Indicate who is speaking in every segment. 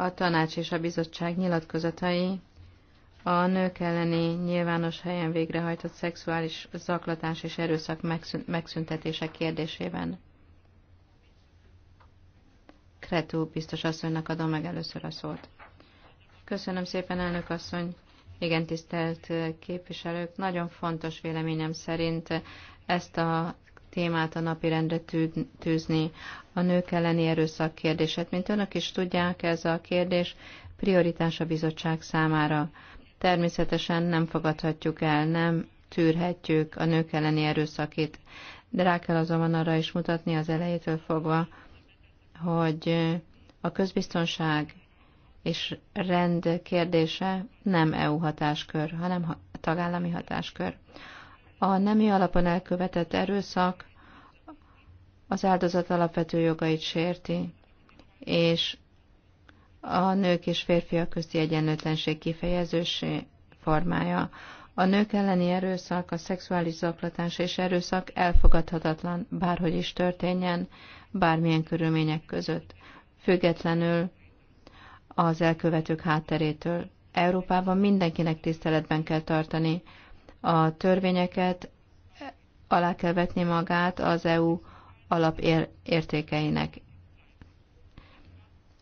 Speaker 1: a tanács és a bizottság nyilatkozatai a nők elleni nyilvános helyen végrehajtott szexuális zaklatás és erőszak megszüntetése kérdésében. Kretú biztos asszonynak adom meg először a szót. Köszönöm szépen, elnök asszony. Igen, tisztelt képviselők, nagyon fontos véleményem szerint ezt a témát a napirendre tűzni, a nők elleni erőszak kérdését. Mint önök is tudják, ez a kérdés prioritás a bizottság számára. Természetesen nem fogadhatjuk el, nem tűrhetjük a nők elleni erőszakit, de rá kell azonban arra is mutatni az elejétől fogva, hogy a közbiztonság és rend kérdése nem EU hatáskör, hanem tagállami hatáskör. A nemi alapon elkövetett erőszak az áldozat alapvető jogait sérti, és a nők és férfiak közti egyenlőtlenség kifejezősé formája. A nők elleni erőszak, a szexuális zaklatás és erőszak elfogadhatatlan, bárhogy is történjen, bármilyen körülmények között, függetlenül az elkövetők hátterétől. Európában mindenkinek tiszteletben kell tartani a törvényeket, alá kell vetni magát az EU alapértékeinek.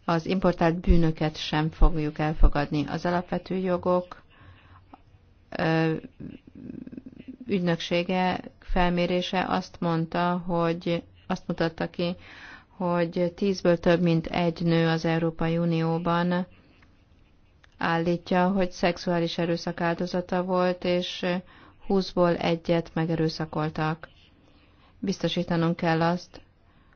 Speaker 1: Az importált bűnöket sem fogjuk elfogadni. Az alapvető jogok ügynöksége felmérése azt mondta, hogy azt mutatta ki, hogy tízből több mint egy nő az Európai Unióban állítja, hogy szexuális erőszak áldozata volt, és 20-ból egyet megerőszakoltak. Biztosítanunk kell azt,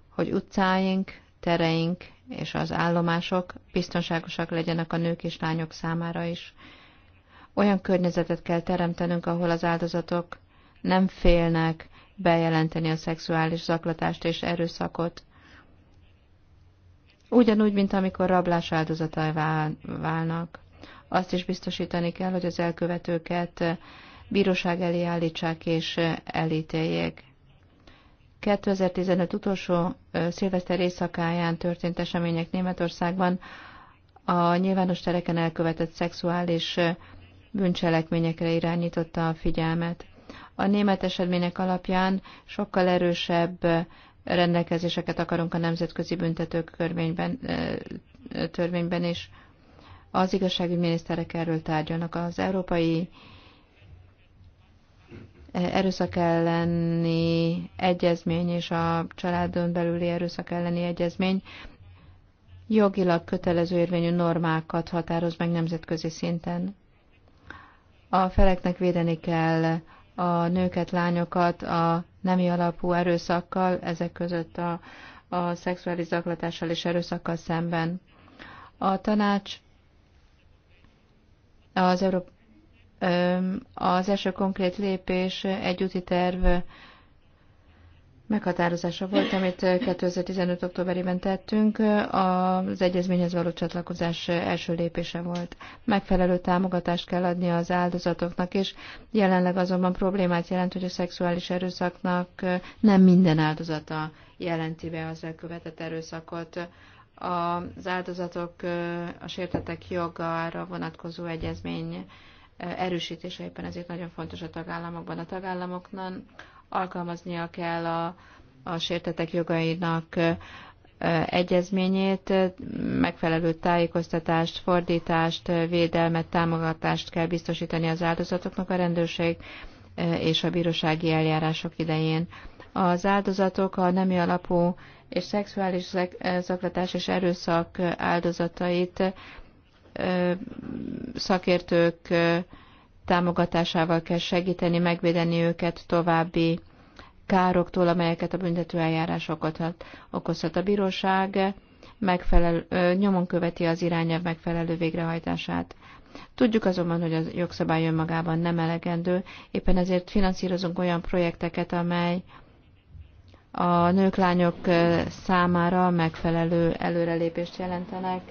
Speaker 1: hogy utcáink, tereink és az állomások biztonságosak legyenek a nők és lányok számára is. Olyan környezetet kell teremtenünk, ahol az áldozatok nem félnek bejelenteni a szexuális zaklatást és erőszakot, ugyanúgy, mint amikor rablás áldozatai válnak azt is biztosítani kell, hogy az elkövetőket bíróság elé állítsák és elítéljék. 2015 utolsó szilveszter éjszakáján történt események Németországban a nyilvános tereken elkövetett szexuális bűncselekményekre irányította a figyelmet. A német események alapján sokkal erősebb rendelkezéseket akarunk a nemzetközi büntetők törvényben, törvényben is. Az miniszterek erről tárgyalnak. Az európai eh, erőszak elleni egyezmény és a családon belüli erőszak elleni egyezmény jogilag kötelező érvényű normákat határoz meg nemzetközi szinten. A feleknek védeni kell a nőket, lányokat a nemi alapú erőszakkal, ezek között a, a szexuális zaklatással és erőszakkal szemben. A tanács az, Európ- az első konkrét lépés egy úti terv meghatározása volt, amit 2015. októberében tettünk, az egyezményhez való csatlakozás első lépése volt. Megfelelő támogatást kell adni az áldozatoknak, és jelenleg azonban problémát jelent, hogy a szexuális erőszaknak nem minden áldozata jelenti be az elkövetett erőszakot az áldozatok, a sértetek jogára vonatkozó egyezmény erősítése éppen ezért nagyon fontos a tagállamokban. A tagállamoknak alkalmaznia kell a, a sértetek jogainak egyezményét, megfelelő tájékoztatást, fordítást, védelmet, támogatást kell biztosítani az áldozatoknak a rendőrség és a bírósági eljárások idején. Az áldozatok a nemi alapú és szexuális eh, zaklatás és erőszak áldozatait eh, szakértők eh, támogatásával kell segíteni, megvédeni őket további károktól, amelyeket a büntető büntetőeljárás okozhat. A bíróság megfelel, nyomon követi az irányelv megfelelő végrehajtását. Tudjuk azonban, hogy a jogszabály önmagában nem elegendő, éppen ezért finanszírozunk olyan projekteket, amely a nők, lányok számára megfelelő előrelépést jelentenek.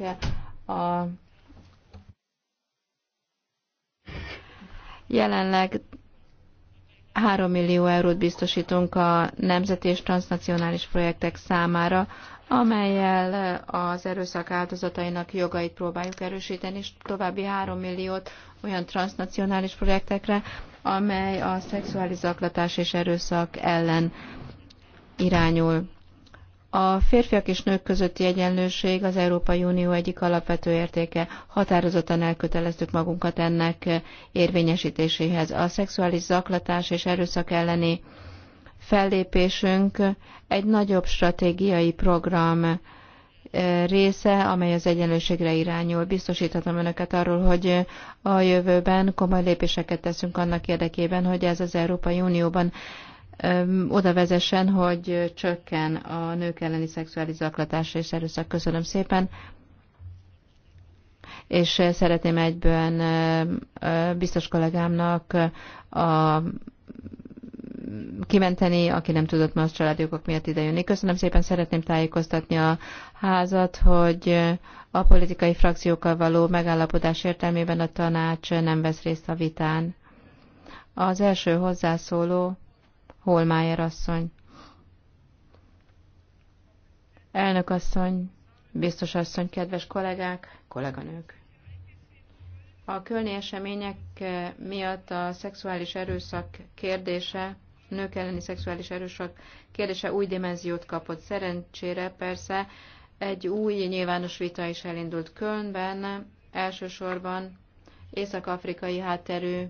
Speaker 1: A jelenleg 3 millió eurót biztosítunk a nemzeti és transnacionális projektek számára, amelyel az erőszak áldozatainak jogait próbáljuk erősíteni, és további 3 milliót olyan transnacionális projektekre, amely a szexuális zaklatás és erőszak ellen irányul. A férfiak és nők közötti egyenlőség az Európai Unió egyik alapvető értéke. Határozottan elköteleztük magunkat ennek érvényesítéséhez. A szexuális zaklatás és erőszak elleni fellépésünk egy nagyobb stratégiai program eh, része, amely az egyenlőségre irányul. Biztosíthatom önöket arról, hogy a jövőben komoly lépéseket teszünk annak érdekében, hogy ez az Európai Unióban oda vezessen, hogy csökken a nők elleni szexuális zaklatás és erőszak. Köszönöm szépen. És szeretném egyben biztos kollégámnak a kimenteni, aki nem tudott ma az családjogok miatt idejönni. Köszönöm szépen, szeretném tájékoztatni a házat, hogy a politikai frakciókkal való megállapodás értelmében a tanács nem vesz részt a vitán. Az első hozzászóló Holmájer asszony. Elnök asszony, biztos asszony, kedves kollégák, kolléganők. A kölni események eh, miatt a szexuális erőszak kérdése, nők elleni szexuális erőszak kérdése új dimenziót kapott. Szerencsére persze egy új nyilvános vita is elindult Kölnben, elsősorban észak-afrikai hátterű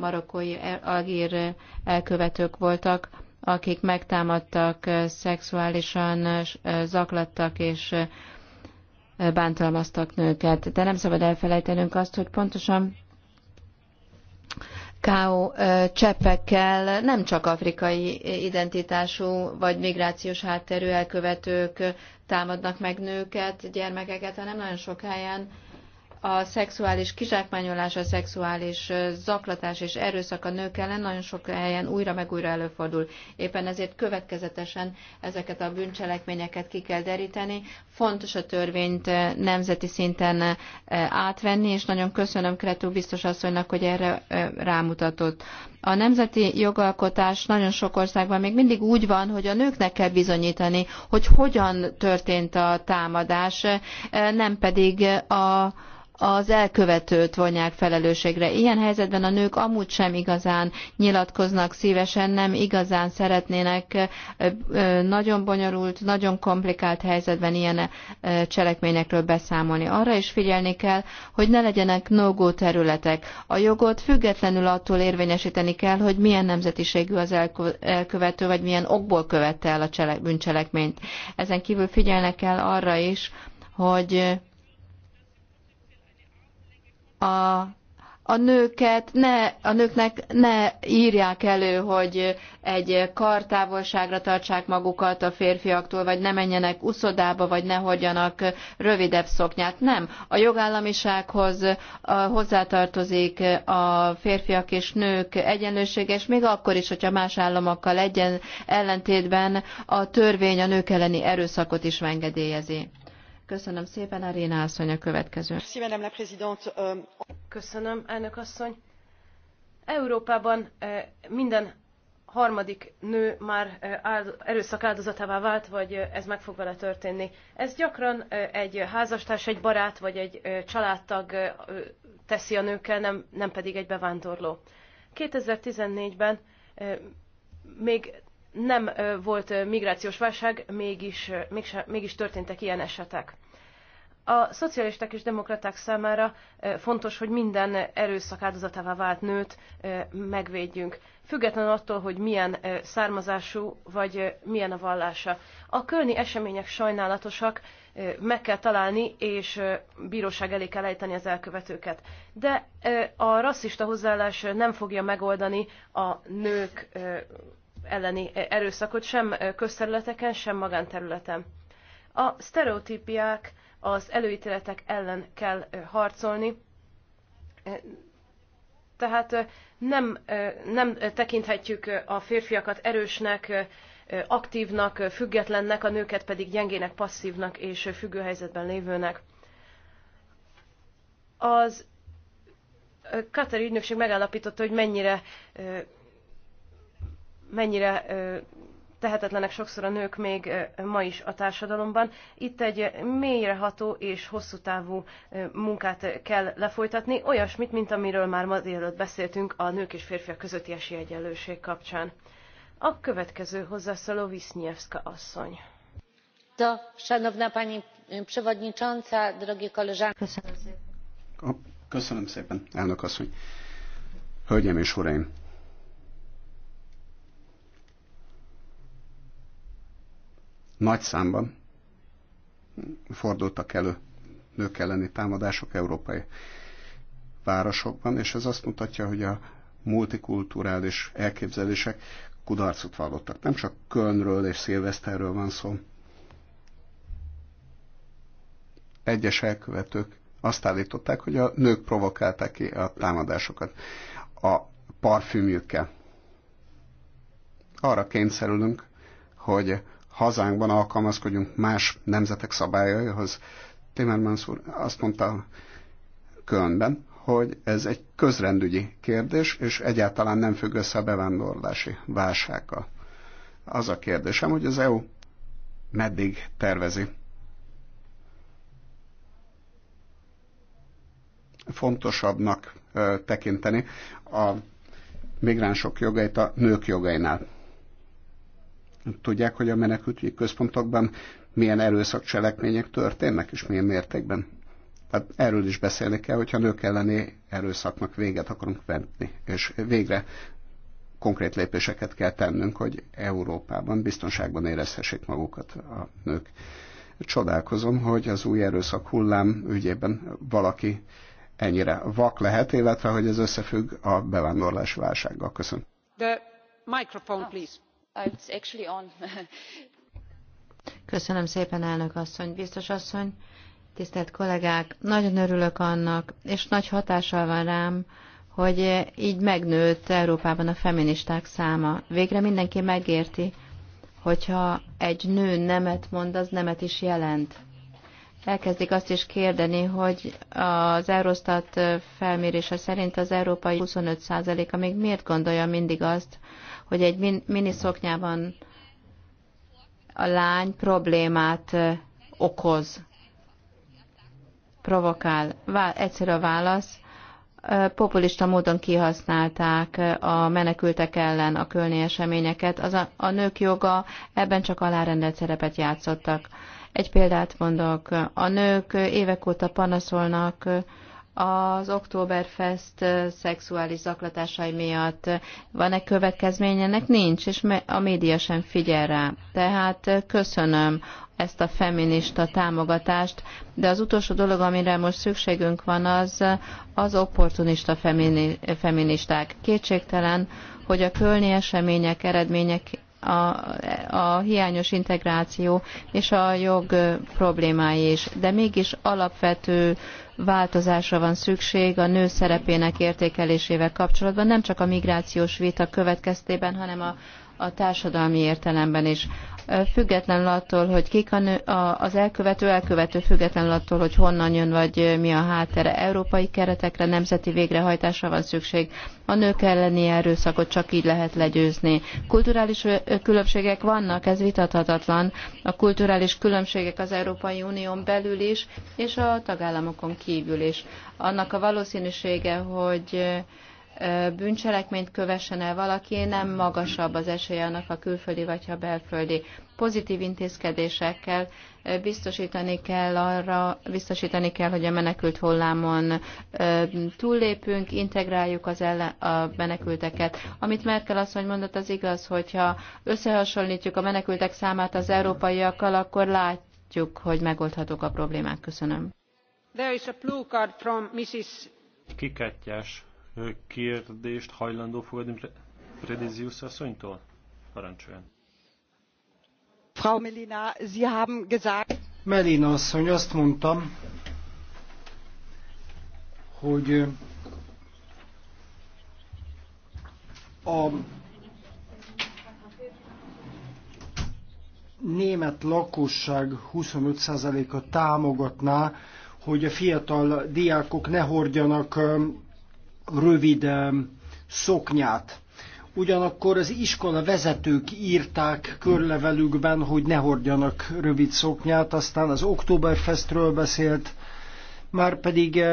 Speaker 1: marokkói algír elkövetők voltak, akik megtámadtak, szexuálisan zaklattak és bántalmaztak nőket. De nem szabad elfelejtenünk azt, hogy pontosan K.O. cseppekkel nem csak afrikai identitású vagy migrációs hátterű elkövetők támadnak meg nőket, gyermekeket, hanem nagyon sok helyen a szexuális kizsákmányolás, a szexuális zaklatás és erőszak a nők ellen nagyon sok helyen újra meg újra előfordul. Éppen ezért következetesen ezeket a bűncselekményeket ki kell deríteni. Fontos a törvényt nemzeti szinten átvenni, és nagyon köszönöm Kretú biztos asszonynak, hogy erre rámutatott. A nemzeti jogalkotás nagyon sok országban még mindig úgy van, hogy a nőknek kell bizonyítani, hogy hogyan történt a támadás, nem pedig a az elkövetőt vonják felelősségre. Ilyen helyzetben a nők amúgy sem igazán nyilatkoznak szívesen, nem igazán szeretnének nagyon bonyolult, nagyon komplikált helyzetben ilyen cselekményekről beszámolni. Arra is figyelni kell, hogy ne legyenek no területek. A jogot függetlenül attól érvényesíteni kell, hogy milyen nemzetiségű az elkövető, vagy milyen okból követte el a bűncselekményt. Ezen kívül figyelnek kell arra is, hogy a a nőket ne, a nőknek ne írják elő, hogy egy kartávolságra tartsák magukat a férfiaktól, vagy ne menjenek uszodába, vagy ne hordjanak rövidebb szoknyát. Nem. A jogállamisághoz hozzátartozik a férfiak és nők egyenlősége, és még akkor is, hogyha más államokkal egyen, ellentétben a törvény a nők elleni erőszakot is engedélyezi. Köszönöm szépen, Aréna asszony a következő.
Speaker 2: Euh, Köszönöm, elnök asszony. Európában minden harmadik nő már erőszak áldozatává vált, vagy ez meg fog vele történni. Ez gyakran egy házastárs, egy barát, vagy egy családtag teszi a nőkkel, nem, nem pedig egy bevándorló. 2014-ben még nem volt migrációs válság, mégis, mégis, mégis történtek ilyen esetek. A szocialisták és demokraták számára fontos, hogy minden erőszak áldozatává vált nőt megvédjünk, függetlenül attól, hogy milyen származású vagy milyen a vallása. A kölni események sajnálatosak, meg kell találni, és bíróság elé kell ejteni az elkövetőket. De a rasszista hozzáállás nem fogja megoldani a nők elleni erőszakot sem közterületeken, sem magánterületen. A sztereotípiák, az előítéletek ellen kell harcolni, tehát nem, nem tekinthetjük a férfiakat erősnek, aktívnak, függetlennek, a nőket pedig gyengének, passzívnak és függő helyzetben lévőnek. Az Katari ügynökség megállapította, hogy mennyire mennyire tehetetlenek sokszor a nők még ma is a társadalomban. Itt egy mélyreható és hosszú távú munkát kell lefolytatni, olyasmit, mint amiről már ma délelőtt beszéltünk a nők és férfiak közötti esélyegyenlőség kapcsán. A következő hozzászóló Visznyevska asszony.
Speaker 1: To, szanowna pani przewodnicząca, drogie
Speaker 2: koleżanki. Köszönöm szépen.
Speaker 3: Köszönöm szépen, elnök asszony. Hölgyeim és uraim, Nagy számban fordultak elő nők elleni támadások európai városokban, és ez azt mutatja, hogy a multikulturális elképzelések kudarcot vallottak. Nem csak Kölnről és Szilveszterről van szó. Egyes elkövetők azt állították, hogy a nők provokálták ki a támadásokat a parfümjükkel. Arra kényszerülünk, hogy hazánkban alkalmazkodjunk más nemzetek szabályaihoz. Timmermans úr azt mondta Kölnben, hogy ez egy közrendügyi kérdés, és egyáltalán nem függ össze a bevándorlási válsággal. Az a kérdésem, hogy az EU meddig tervezi fontosabbnak tekinteni a migránsok jogait a nők jogainál tudják, hogy a menekültügyi központokban milyen erőszakcselekmények történnek, és milyen mértékben. Tehát erről is beszélni kell, hogyha nők elleni erőszaknak véget akarunk venni, és végre konkrét lépéseket kell tennünk, hogy Európában biztonságban érezhessék magukat a nők. Csodálkozom, hogy az új erőszak hullám ügyében valaki ennyire vak lehet, illetve hogy ez összefügg a bevándorlás válsággal. Köszönöm.
Speaker 4: The microphone, please. Oh,
Speaker 1: Köszönöm szépen, elnök asszony, biztos asszony, tisztelt kollégák. Nagyon örülök annak, és nagy hatással van rám, hogy így megnőtt Európában a feministák száma. Végre mindenki megérti, hogyha egy nő nemet mond, az nemet is jelent. Elkezdik azt is kérdeni, hogy az Eurostat felmérése szerint az európai 25%-a még miért gondolja mindig azt, hogy egy min- miniszoknyában a lány problémát okoz, provokál. Vá- egyszerű a válasz. Populista módon kihasználták a menekültek ellen a kölni eseményeket. Az a, a nők joga ebben csak alárendelt szerepet játszottak. Egy példát mondok. A nők évek óta panaszolnak, az Oktoberfest szexuális zaklatásai miatt. Van-e következmény ennek? Nincs, és a média sem figyel rá. Tehát köszönöm ezt a feminista támogatást, de az utolsó dolog, amire most szükségünk van, az az opportunista femini, feministák. Kétségtelen, hogy a kölni események eredmények a, a hiányos integráció és a jog problémái is. De mégis alapvető változásra van szükség a nő szerepének értékelésével kapcsolatban, nem csak a migrációs vita következtében, hanem a a társadalmi értelemben is. Függetlenül attól, hogy kik a nő, a, az elkövető, elkövető függetlenül attól, hogy honnan jön, vagy mi a háttere. Európai keretekre, nemzeti végrehajtásra van szükség. A nők elleni erőszakot csak így lehet legyőzni. Kulturális különbségek vannak, ez vitathatatlan. A kulturális különbségek az Európai Unión belül is, és a tagállamokon kívül is. Annak a valószínűsége, hogy bűncselekményt kövessen el valaki, nem magasabb az esélye annak a külföldi vagy ha belföldi. Pozitív intézkedésekkel biztosítani kell arra, biztosítani kell, hogy a menekült hullámon túllépünk, integráljuk az ellen, a menekülteket. Amit Merkel asszony mondott, az igaz, hogyha összehasonlítjuk a menekültek számát az európaiakkal, akkor látjuk, hogy megoldhatók a problémák. Köszönöm. There is a blue card from Mrs.
Speaker 5: Kikettyes kérdést hajlandó fogadni Predizius asszonytól? Parancsoljon.
Speaker 4: Frau Melina, Sie haben gesagt...
Speaker 6: Melina asszony, azt mondtam, hogy a német lakosság 25%-a támogatná, hogy a fiatal diákok ne hordjanak rövid szoknyát. Ugyanakkor az iskola vezetők írták körlevelükben, hogy ne hordjanak rövid szoknyát, aztán az Oktoberfestről beszélt, már pedig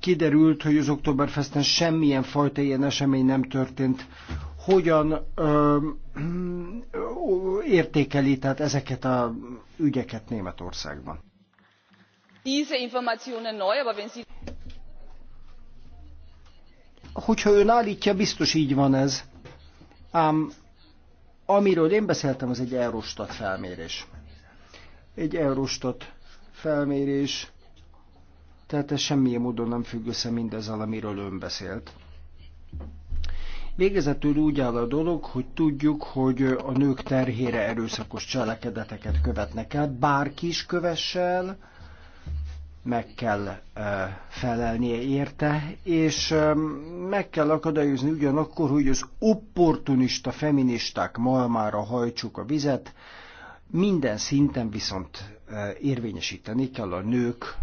Speaker 6: kiderült, hogy az Oktoberfesten semmilyen fajta ilyen esemény nem történt. Hogyan ö, ö, értékeli tehát ezeket a ügyeket Németországban? hogyha ön állítja, biztos így van ez. Ám amiről én beszéltem, az egy Eurostat felmérés. Egy Eurostat felmérés, tehát ez semmilyen módon nem függ össze mindezzel, amiről ön beszélt. Végezetül úgy áll a dolog, hogy tudjuk, hogy a nők terhére erőszakos cselekedeteket követnek el, bárki is kövessel, meg kell felelnie érte, és meg kell akadályozni ugyanakkor, hogy az opportunista feministák malmára hajtsuk a vizet, minden szinten viszont érvényesíteni kell a nők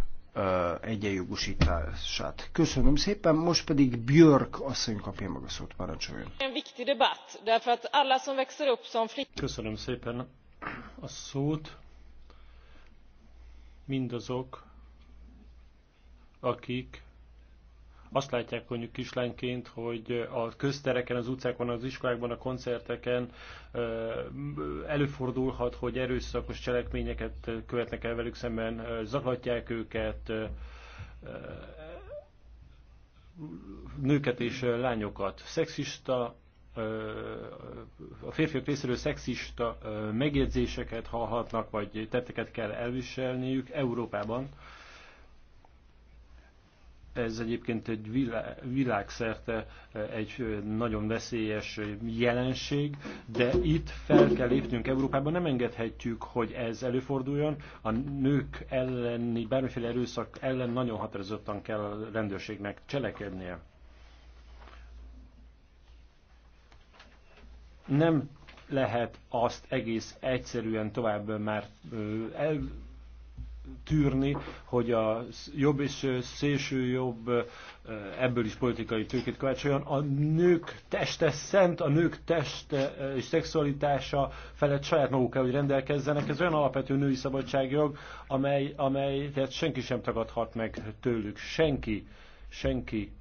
Speaker 6: egyenjogosítását. Köszönöm szépen, most pedig Björk asszony kapja meg a szót,
Speaker 5: parancsoljon.
Speaker 2: Hát hát
Speaker 5: Köszönöm szépen a szót. Mindazok, akik azt látják mondjuk kislányként, hogy a köztereken, az utcákon, az iskolákban, a koncerteken előfordulhat, hogy erőszakos cselekményeket követnek el velük szemben, zaklatják őket, nőket és lányokat. Szexista, a férfiak részéről szexista megjegyzéseket hallhatnak, vagy tetteket kell elviselniük Európában ez egyébként egy világszerte eh, egy eh, nagyon veszélyes eh, jelenség, de itt fel kell lépnünk Európában, nem engedhetjük, hogy ez előforduljon. A nők elleni, bármiféle erőszak ellen nagyon határozottan kell a rendőrségnek cselekednie. Nem lehet azt egész egyszerűen tovább már el tűrni, hogy a jobb és szélső jobb eh, ebből is politikai tőkét kovácsoljon. A nők teste szent, a nők teste eh, és szexualitása felett saját maguk kell, hogy rendelkezzenek. Ez olyan alapvető női szabadságjog, amely, amely tehát senki sem tagadhat meg tőlük. Senki, senki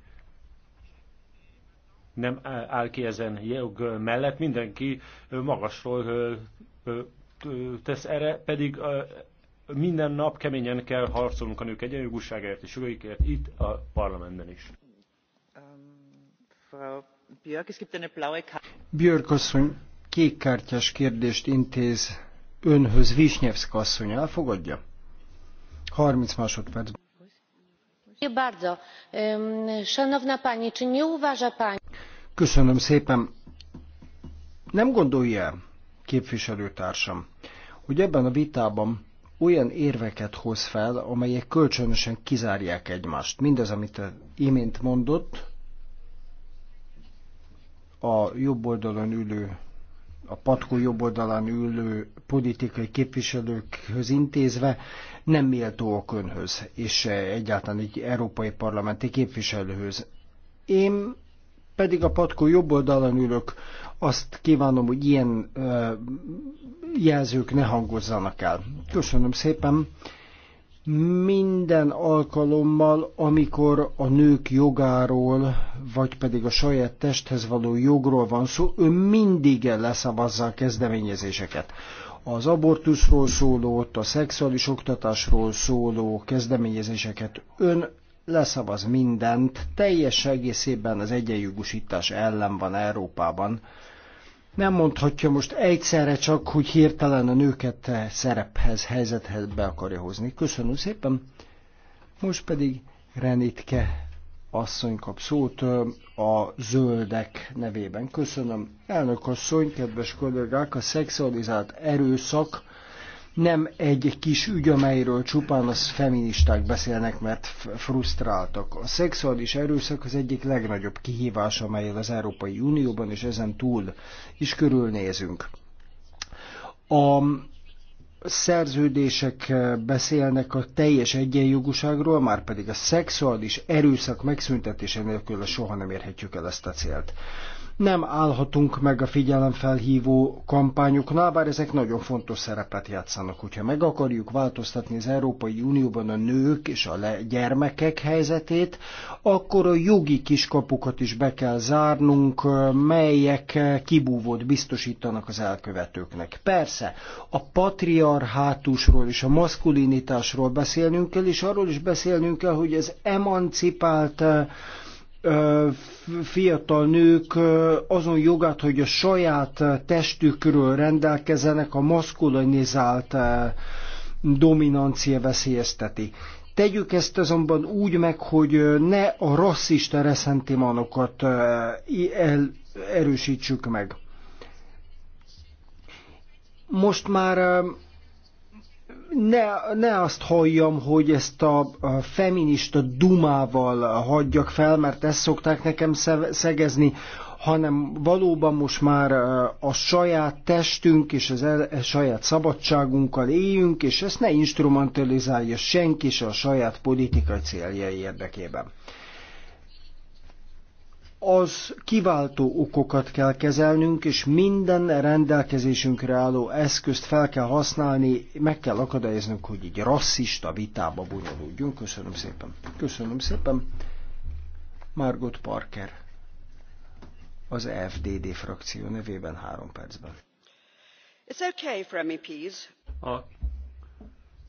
Speaker 5: nem áll ki ezen jog mellett, mindenki eh, magasról tesz erre, pedig minden nap keményen kell harcolnunk a nők egyenjogúságáért és jogaikért itt a parlamentben is.
Speaker 6: Björk asszony kékkártyás kérdést intéz önhöz Visnyevszka asszony elfogadja? 30 másodperc. Köszönöm szépen. Nem gondolja, képviselőtársam, hogy ebben a vitában olyan érveket hoz fel, amelyek kölcsönösen kizárják egymást. Mindez, amit imént mondott, a jobb oldalon ülő, a patkó jobb oldalán ülő politikai képviselőkhöz intézve nem a könhöz, és egyáltalán egy európai parlamenti képviselőhöz. Én pedig a patkó jobb oldalán ülök, azt kívánom, hogy ilyen ö, jelzők ne hangozzanak el. Köszönöm szépen. Minden alkalommal, amikor a nők jogáról, vagy pedig a saját testhez való jogról van szó, ő mindig leszavazza a kezdeményezéseket az abortuszról szóló, a szexuális oktatásról szóló kezdeményezéseket ön leszavaz mindent, teljes egészében az egyenjogosítás ellen van Európában. Nem mondhatja most egyszerre csak, hogy hirtelen a nőket szerephez, helyzethez be akarja hozni. Köszönöm szépen. Most pedig Renitke asszony kap szót a zöldek nevében. Köszönöm. Elnök asszony, kedves kollégák, a szexualizált erőszak nem egy kis ügy, amelyről csupán az feministák beszélnek, mert frusztráltak. A szexuális erőszak az egyik legnagyobb kihívás, amelyel az Európai Unióban és ezen túl is körülnézünk. A szerződések beszélnek a teljes egyenjogúságról, már pedig a szexuális erőszak megszüntetése nélkül soha nem érhetjük el ezt a célt nem állhatunk meg a figyelemfelhívó kampányoknál, bár ezek nagyon fontos szerepet játszanak. Hogyha meg akarjuk változtatni az Európai Unióban a nők és a gyermekek helyzetét, akkor a jogi kiskapukat is be kell zárnunk, melyek kibúvót biztosítanak az elkövetőknek. Persze, a patriarhátusról és a maszkulinitásról beszélnünk kell, és arról is beszélnünk kell, hogy az emancipált fiatal nők azon jogát, hogy a saját testükről rendelkezzenek, a maszkulinizált dominancia veszélyezteti. Tegyük ezt azonban úgy meg, hogy ne a rasszista reszentimanokat el, erősítsük meg. Most már ne, ne azt halljam, hogy ezt a, a feminista dumával hagyjak fel, mert ezt szokták nekem szegezni, hanem valóban most már a saját testünk és az el, a e, saját szabadságunkkal éljünk, és ezt ne instrumentalizálja senki se a saját politikai céljai érdekében az kiváltó okokat kell kezelnünk, és minden rendelkezésünkre álló eszközt fel kell használni, meg kell akadályoznunk, hogy egy rasszista vitába bonyolódjunk. Köszönöm szépen. Köszönöm szépen. Margot Parker, az FDD frakció nevében három percben.
Speaker 4: It's okay for MEPs.
Speaker 5: A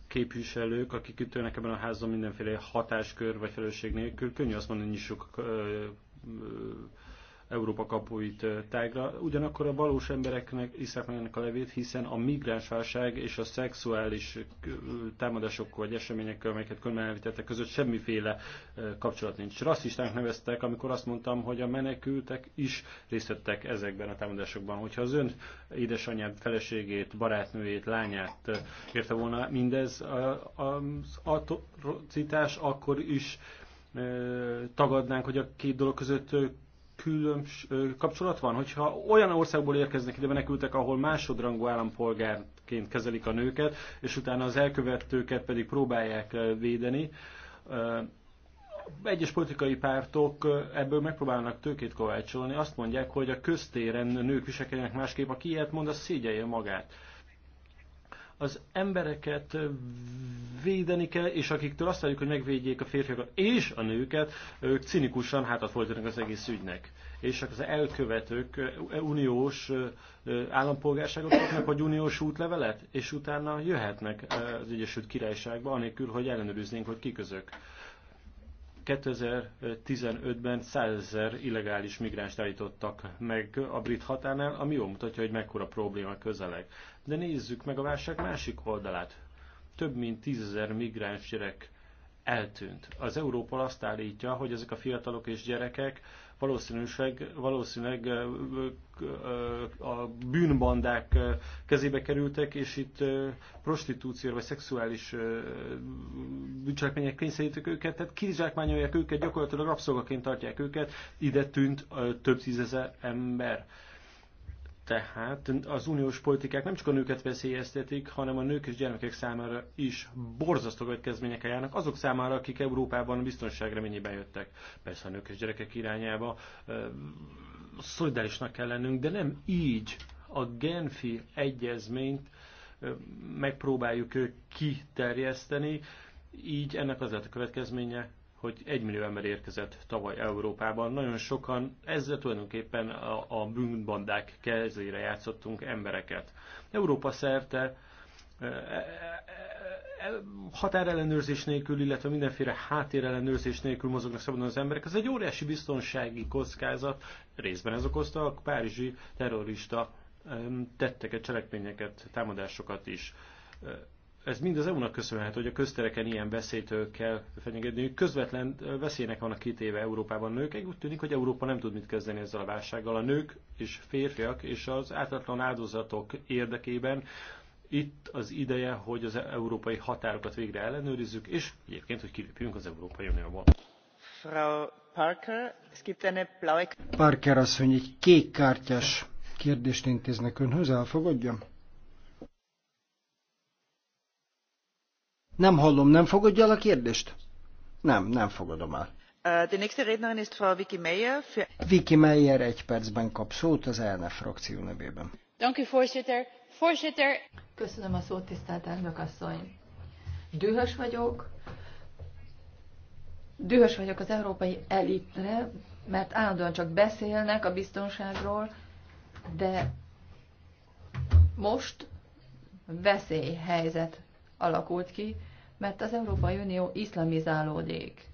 Speaker 5: képviselők, akik itt ebben a házban mindenféle hatáskör vagy felelősség nélkül, könnyű azt mondani, hogy nyissuk Európa kapuit tágra. Ugyanakkor a valós embereknek iszák meg ennek a levét, hiszen a migránsválság és a szexuális támadások vagy eseményekkel, amelyeket körbelemlítettek között semmiféle kapcsolat nincs. Rasszistánk neveztek, amikor azt mondtam, hogy a menekültek is részt vettek ezekben a támadásokban. Hogyha az ön édesanyját, feleségét, barátnőjét, lányát érte volna mindez, az atrocitás akkor is tagadnánk, hogy a két dolog között különbs, kapcsolat van? Hogyha olyan országból érkeznek ide menekültek, ahol másodrangú állampolgárként kezelik a nőket, és utána az elkövetőket pedig próbálják védeni, egyes politikai pártok ebből megpróbálnak tőkét kovácsolni, azt mondják, hogy a köztéren nők viselkedjenek másképp, aki ilyet mond, az szégyelje magát az embereket védeni kell, és akiktől azt várjuk, hogy megvédjék a férfiakat és a nőket, ők cinikusan hátat folytatnak az egész ügynek. És az elkövetők e, uniós e, e, állampolgárságot kapnak, vagy uniós útlevelet, és utána jöhetnek az Egyesült Királyságba, anélkül, hogy ellenőriznénk, hogy kiközök. 2015-ben 100 ezer illegális migránst állítottak meg a brit határnál, ami jól mutatja, hogy mekkora probléma közeleg. De nézzük meg a válság másik oldalát. Több mint tízezer migráns gyerek eltűnt. Az Európa azt állítja, hogy ezek a fiatalok és gyerekek valószínűleg, valószínűleg a bűnbandák kezébe kerültek, és itt prostitúcióra vagy szexuális bűncselekmények kényszerítik őket, tehát kizsákmányolják őket, gyakorlatilag rabszolgaként tartják őket, ide tűnt több tízezer ember. Tehát az uniós politikák nem csak a nőket veszélyeztetik, hanem a nők és gyermekek számára is borzasztó következményekkel járnak, azok számára, akik Európában biztonság reményében jöttek. Persze a nők és gyerekek irányába szolidárisnak kell lennünk, de nem így a Genfi egyezményt megpróbáljuk kiterjeszteni, így ennek az lett a következménye, hogy egymillió ember érkezett tavaly Európában. Nagyon sokan, ezzel tulajdonképpen a, a bűnbandák kezére játszottunk embereket. Európa szerte e, e, e, határellenőrzés nélkül, illetve mindenféle háttérellenőrzés nélkül mozognak szabadon az emberek. Ez egy óriási biztonsági kockázat, részben ez okozta a párizsi terrorista tetteket, cselekményeket, támadásokat is ez mind az EU-nak köszönhető, hogy a köztereken ilyen veszélytől kell fenyegetni. Közvetlen veszélynek vannak éve Európában nők. Egy úgy tűnik, hogy Európa nem tud mit kezdeni ezzel a válsággal. A nők és férfiak és az ártatlan áldozatok érdekében itt az ideje, hogy az európai határokat végre ellenőrizzük, és egyébként, hogy kilépjünk az Európai Unióból.
Speaker 7: Frau Parker, es gibt eine blaue...
Speaker 6: Parker asszony, egy kék kártyás kérdést intéznek önhöz, elfogadjam? Nem hallom, nem fogadja el a kérdést? Nem, nem fogadom el.
Speaker 4: Vicky Meyer,
Speaker 7: für...
Speaker 6: Vicky Meyer egy percben kap szót az ELNE frakció nevében.
Speaker 7: Köszönöm a szót, tisztelt elnök asszony. Dühös vagyok. Dühös vagyok az európai elitre, mert állandóan csak beszélnek a biztonságról, de most veszélyhelyzet alakult ki, mert az Európai Unió iszlamizálódik.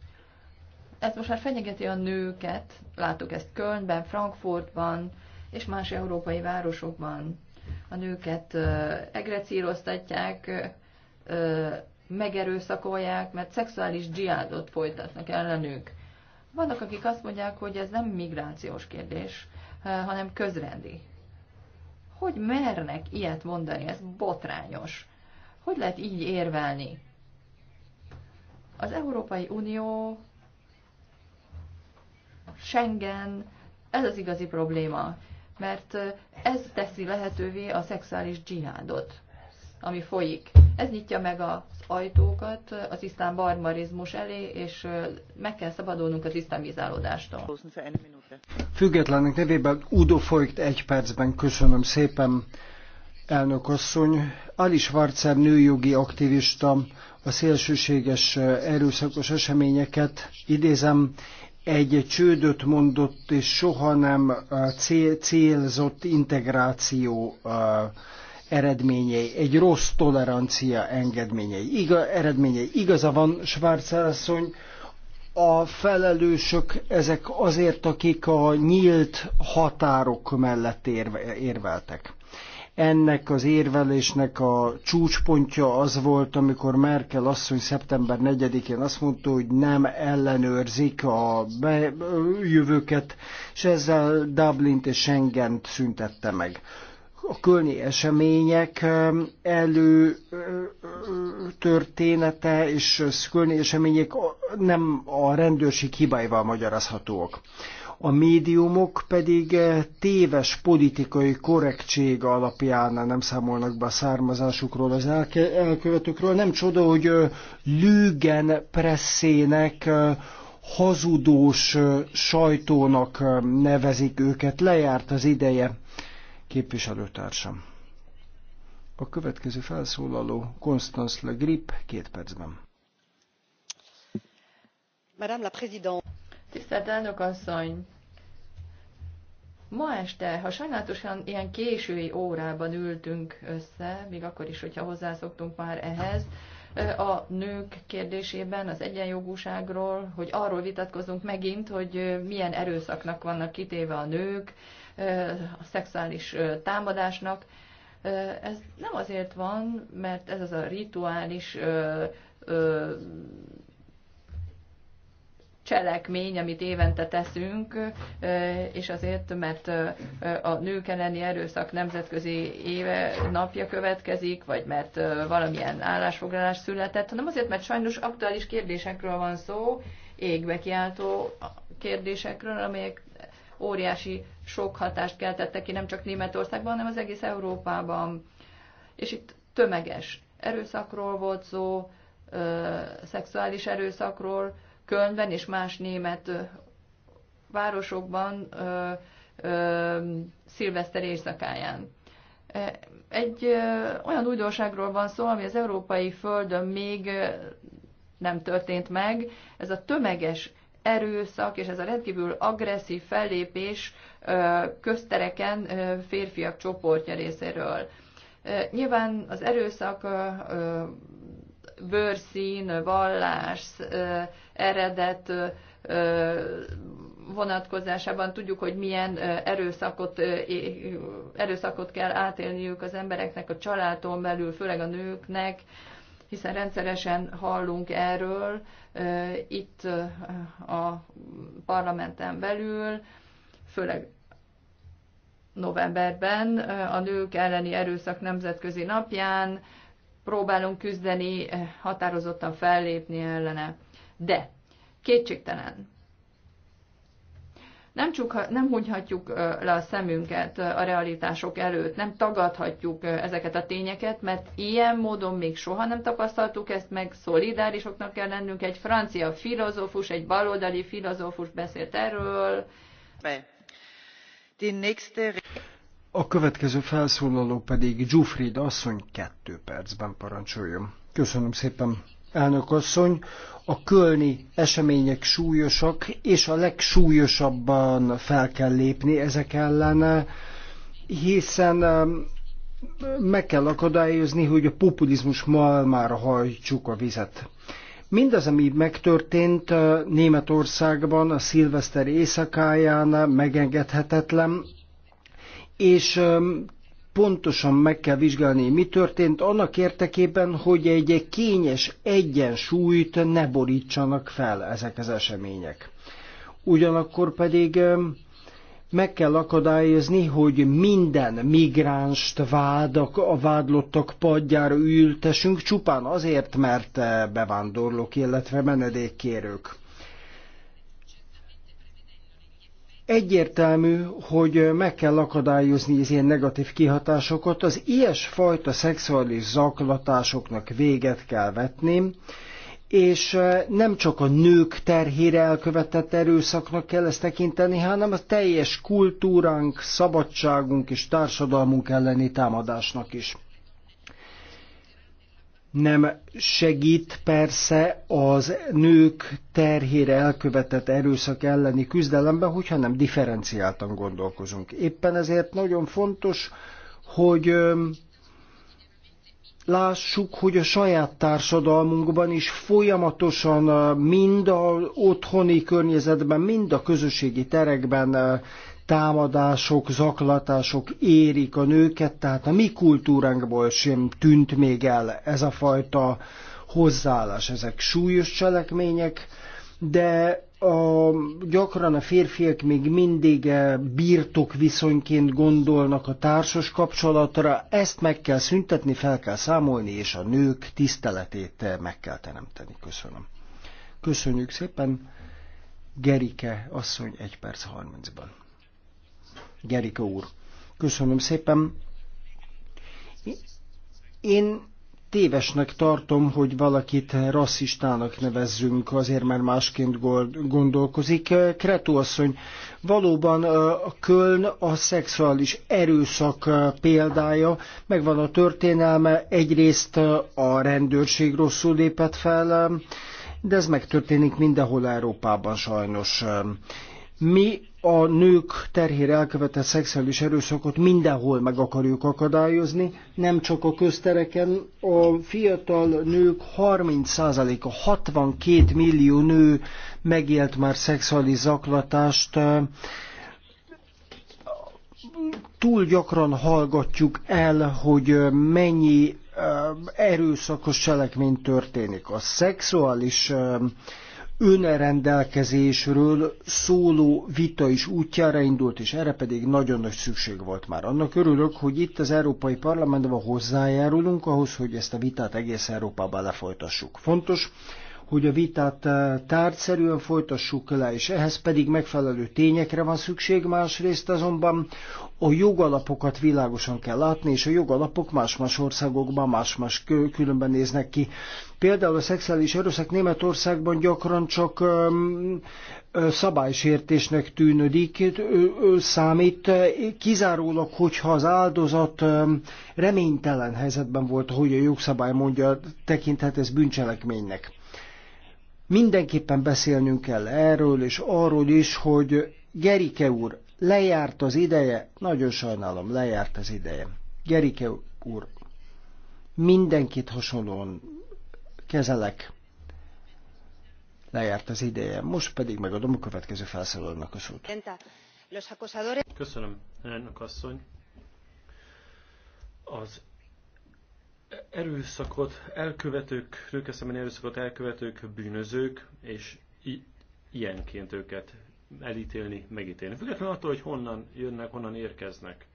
Speaker 7: Ez most már fenyegeti a nőket, láttuk ezt Kölnben, Frankfurtban és más európai városokban. A nőket egrecíroztatják, megerőszakolják, mert szexuális dzsiádot folytatnak ellenük. Vannak, akik azt mondják, hogy ez nem migrációs kérdés, hanem közrendi. Hogy mernek ilyet mondani? Ez botrányos. Hogy lehet így érvelni? Az Európai Unió, Schengen, ez az igazi probléma, mert ez teszi lehetővé a szexuális dzsihádot, ami folyik. Ez nyitja meg az ajtókat az isztán barbarizmus elé, és meg kell szabadulnunk az iszlamizálódástól.
Speaker 6: Függetlenek nevében Udo Folyt egy percben köszönöm szépen. Elnök asszony, Ali Schwarzer nőjogi aktivista a szélsőséges erőszakos eseményeket, idézem, egy csődöt mondott és soha nem cél, célzott integráció eredményei, egy rossz tolerancia engedményei, iga, eredményei. Igaza van, Schwarzerasszony, a felelősök ezek azért, akik a nyílt határok mellett érve, érveltek. Ennek az érvelésnek a csúcspontja az volt, amikor Merkel asszony szeptember 4-én azt mondta, hogy nem ellenőrzik a jövőket, és ezzel Dublint és schengen szüntette meg a kölni események elő története és kölni események nem a rendőrség hibáival magyarázhatóak a médiumok pedig eh, téves politikai korrektség alapján nem számolnak be a származásukról, az elkövetőkről. Nem csoda, hogy eh, Lügen presszének eh, hazudós sajtónak nevezik őket. Lejárt az ideje, képviselőtársam. A következő felszólaló Constance Le Grip két percben.
Speaker 7: Madame la Présidente. Tisztelt elnök asszony! Ma este, ha sajnálatosan ilyen késői órában ültünk össze, még akkor is, hogyha hozzászoktunk már ehhez, a nők kérdésében, az egyenjogúságról, hogy arról vitatkozunk megint, hogy milyen erőszaknak vannak kitéve a nők, a szexuális támadásnak. Ez nem azért van, mert ez az a rituális cselekmény, amit évente teszünk, és azért, mert a nők elleni erőszak nemzetközi éve napja következik, vagy mert valamilyen állásfoglalás született, hanem azért, mert sajnos aktuális kérdésekről van szó, égbe kiáltó kérdésekről, amelyek óriási sok hatást keltettek ki nem csak Németországban, hanem az egész Európában. És itt tömeges erőszakról volt szó, szexuális erőszakról, Kölnben és más német városokban ö, ö, szilveszter éjszakáján. E, egy ö, olyan újdonságról van szó, ami az európai földön még nem történt meg. Ez a tömeges erőszak és ez a rendkívül agresszív fellépés köztereken férfiak csoportja részéről. E, nyilván az erőszak bőrszín, vallás, eredet vonatkozásában tudjuk, hogy milyen erőszakot, erőszakot kell átélniük az embereknek, a családon belül, főleg a nőknek, hiszen rendszeresen hallunk erről itt a parlamenten belül, főleg novemberben, a nők elleni erőszak nemzetközi napján, próbálunk küzdeni, eh, határozottan fellépni ellene. De kétségtelen. Nem, csukha, nem hunyhatjuk eh, le a szemünket eh, a realitások előtt, nem tagadhatjuk ezeket a tényeket, mert ilyen módon még soha nem tapasztaltuk ezt meg, szolidárisoknak kell lennünk. Egy francia filozófus, egy baloldali filozófus beszélt erről. Be. Die
Speaker 6: nächste... A következő felszólaló pedig Zsufrid asszony kettő percben parancsoljon. Köszönöm szépen, elnök asszony. A kölni események súlyosak, és a legsúlyosabban fel kell lépni ezek ellen, hiszen um, meg kell akadályozni, hogy a populizmus malmára hajtsuk a vizet. Mindaz, ami megtörtént uh, Németországban a szilveszter éjszakáján megengedhetetlen, és pontosan meg kell vizsgálni, mi történt annak érdekében, hogy egy kényes egyensúlyt ne borítsanak fel ezek az események. Ugyanakkor pedig meg kell akadályozni, hogy minden migránst vádak, a vádlottak padjára ültessünk, csupán azért, mert bevándorlók, illetve menedékkérők. Egyértelmű, hogy meg kell akadályozni az ilyen negatív kihatásokat, az ilyesfajta szexuális zaklatásoknak véget kell vetni, és e, nem csak a nők terhére elkövetett erőszaknak kell ezt tekinteni, hanem a teljes kultúránk, szabadságunk és társadalmunk elleni támadásnak is nem segít persze az nők terhére elkövetett erőszak elleni küzdelemben, hogyha nem differenciáltan gondolkozunk. Éppen ezért nagyon fontos, hogy lássuk, hogy a saját társadalmunkban is folyamatosan mind a otthoni környezetben, mind a közösségi terekben támadások, zaklatások érik a nőket, tehát a mi kultúránkból sem tűnt még el ez a fajta hozzáállás. Ezek súlyos cselekmények, de a, gyakran a férfiak még mindig eh, birtok viszonyként gondolnak a társas kapcsolatra, ezt meg kell szüntetni, fel kell számolni, és a nők tiszteletét eh, meg kell teremteni. Köszönöm. Köszönjük szépen. Gerike asszony 1 perc 30-ban. Gerike úr. Köszönöm szépen. Én tévesnek tartom, hogy valakit rasszistának nevezzünk, azért mert másként gondolkozik. Kretó asszony, valóban a Köln a szexuális erőszak példája, megvan a történelme, egyrészt a rendőrség rosszul lépett fel, de ez megtörténik mindenhol Európában sajnos. Mi a nők terhére elkövetett szexuális erőszakot mindenhol meg akarjuk akadályozni, nem csak a köztereken. A fiatal nők 30%-a, 62 millió nő megélt már szexuális zaklatást. Túl gyakran hallgatjuk el, hogy mennyi erőszakos cselekmény történik. A szexuális önrendelkezésről szóló vita is útjára indult, és erre pedig nagyon nagy szükség volt már. Annak örülök, hogy itt az Európai Parlamentben hozzájárulunk ahhoz, hogy ezt a vitát egész Európában lefolytassuk. Fontos, hogy a vitát eh, tárgyszerűen folytassuk le, és ehhez pedig megfelelő tényekre van szükség, másrészt azonban a jogalapokat világosan kell látni, és a jogalapok más-más országokban más-más különben néznek ki. Például a szexuális erőszak Németországban gyakran csak öm, szabálysértésnek tűnődik, számít, eh, kizárólag, hogyha az áldozat reménytelen helyzetben volt, hogy a jogszabály mondja, tekinthet ez bűncselekménynek. Mindenképpen beszélnünk kell erről, és arról is, hogy Gerike úr, lejárt az ideje, nagyon sajnálom, lejárt az ideje. Gerike úr, mindenkit hasonlóan kezelek, lejárt az ideje. Most pedig megadom a következő felszólalónak a szót.
Speaker 5: Köszönöm, elnök asszony. Az erőszakot elkövetők, rőkeszemben erőszakot elkövetők, bűnözők, és ilyenként őket elítélni, megítélni. Függetlenül attól, hogy honnan jönnek, honnan érkeznek.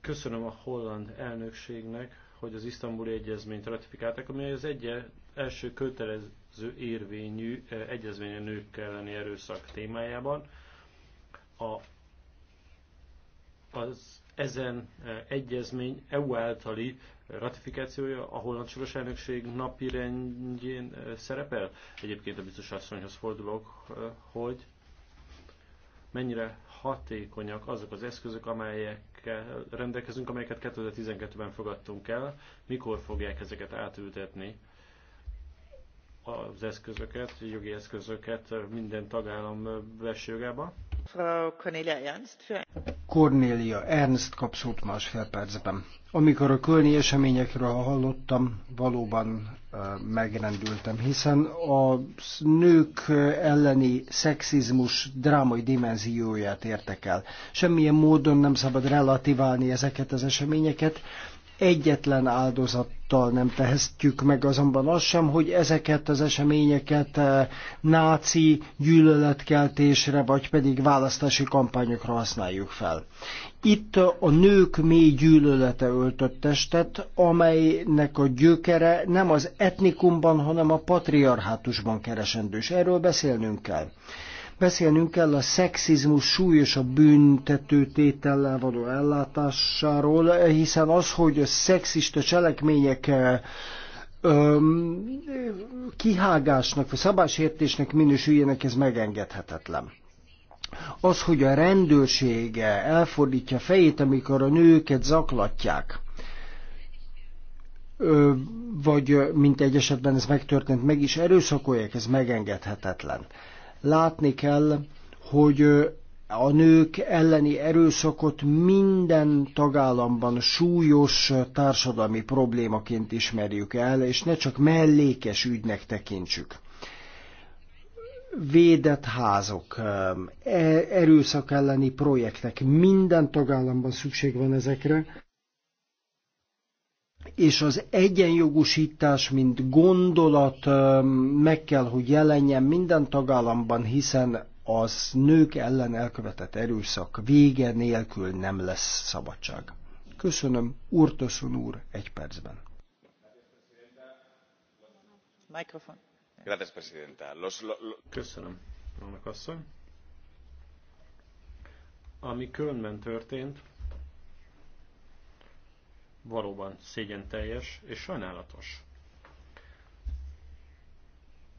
Speaker 5: Köszönöm a holland elnökségnek, hogy az isztambuli egyezményt ratifikálták, ami az egye, első kötelező érvényű eh, egyezmény a nők elleni erőszak témájában. A, az ezen eh, egyezmény EU általi eh, ratifikációja a holland soros elnökség napi rendjén eh, szerepel? Egyébként a biztos asszonyhoz fordulok, hogy mennyire hatékonyak azok az eszközök, amelyekkel rendelkezünk, amelyeket 2012-ben fogadtunk el, mikor fogják ezeket átültetni az eszközöket, jogi eszközöket minden tagállam belső jogába?
Speaker 6: Cornelia Ernst kap szót másfél percben. Amikor a kölni eseményekről hallottam, valóban megrendültem, hiszen a nők elleni szexizmus drámai dimenzióját értek el. Semmilyen módon nem szabad relativálni ezeket az eseményeket, Egyetlen áldozattal nem tehetjük meg azonban az sem, hogy ezeket az eseményeket eh, náci gyűlöletkeltésre, vagy pedig választási kampányokra használjuk fel. Itt a nők mély gyűlölete öltött testet, amelynek a gyökere nem az etnikumban, hanem a patriarhátusban keresendős. Erről beszélnünk kell. Beszélnünk kell a szexizmus súlyos a büntető tétellel való ellátásáról, hiszen az, hogy a szexista cselekmények kihágásnak vagy szabásértésnek minősüljenek, ez megengedhetetlen. Az, hogy a rendőrsége elfordítja fejét, amikor a nőket zaklatják, vagy mint egy esetben ez megtörtént, meg is erőszakolják, ez megengedhetetlen. Látni kell, hogy a nők elleni erőszakot minden tagállamban súlyos társadalmi problémaként ismerjük el, és ne csak mellékes ügynek tekintsük. Védett házok, e-, erőszak elleni projektek, minden tagállamban szükség van ezekre és az egyenjogosítás, mint gondolat meg kell, hogy jelenjen minden tagállamban, hiszen az nők ellen elkövetett erőszak vége nélkül nem lesz szabadság. Köszönöm, Urtoszun úr,
Speaker 5: egy percben. Mikrofon. Köszönöm, Annak asszony. Ami különben történt, valóban szégyen teljes és sajnálatos.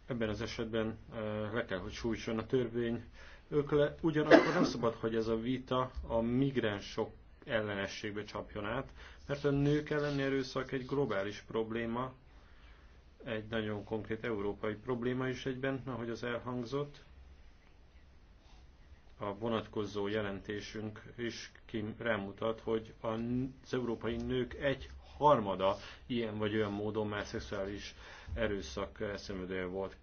Speaker 5: Ebben az esetben eh, le kell, hogy sújtson a törvény. Ők le, ugyanakkor nem szabad, hogy ez a vita a migránsok ellenességbe csapjon át, mert a nők elleni erőszak egy globális probléma, egy nagyon konkrét európai probléma is egyben, ahogy az elhangzott, a vonatkozó jelentésünk is kim rámutat, hogy az európai nők egy harmada ilyen vagy olyan módon már szexuális erőszak szenvedője volt.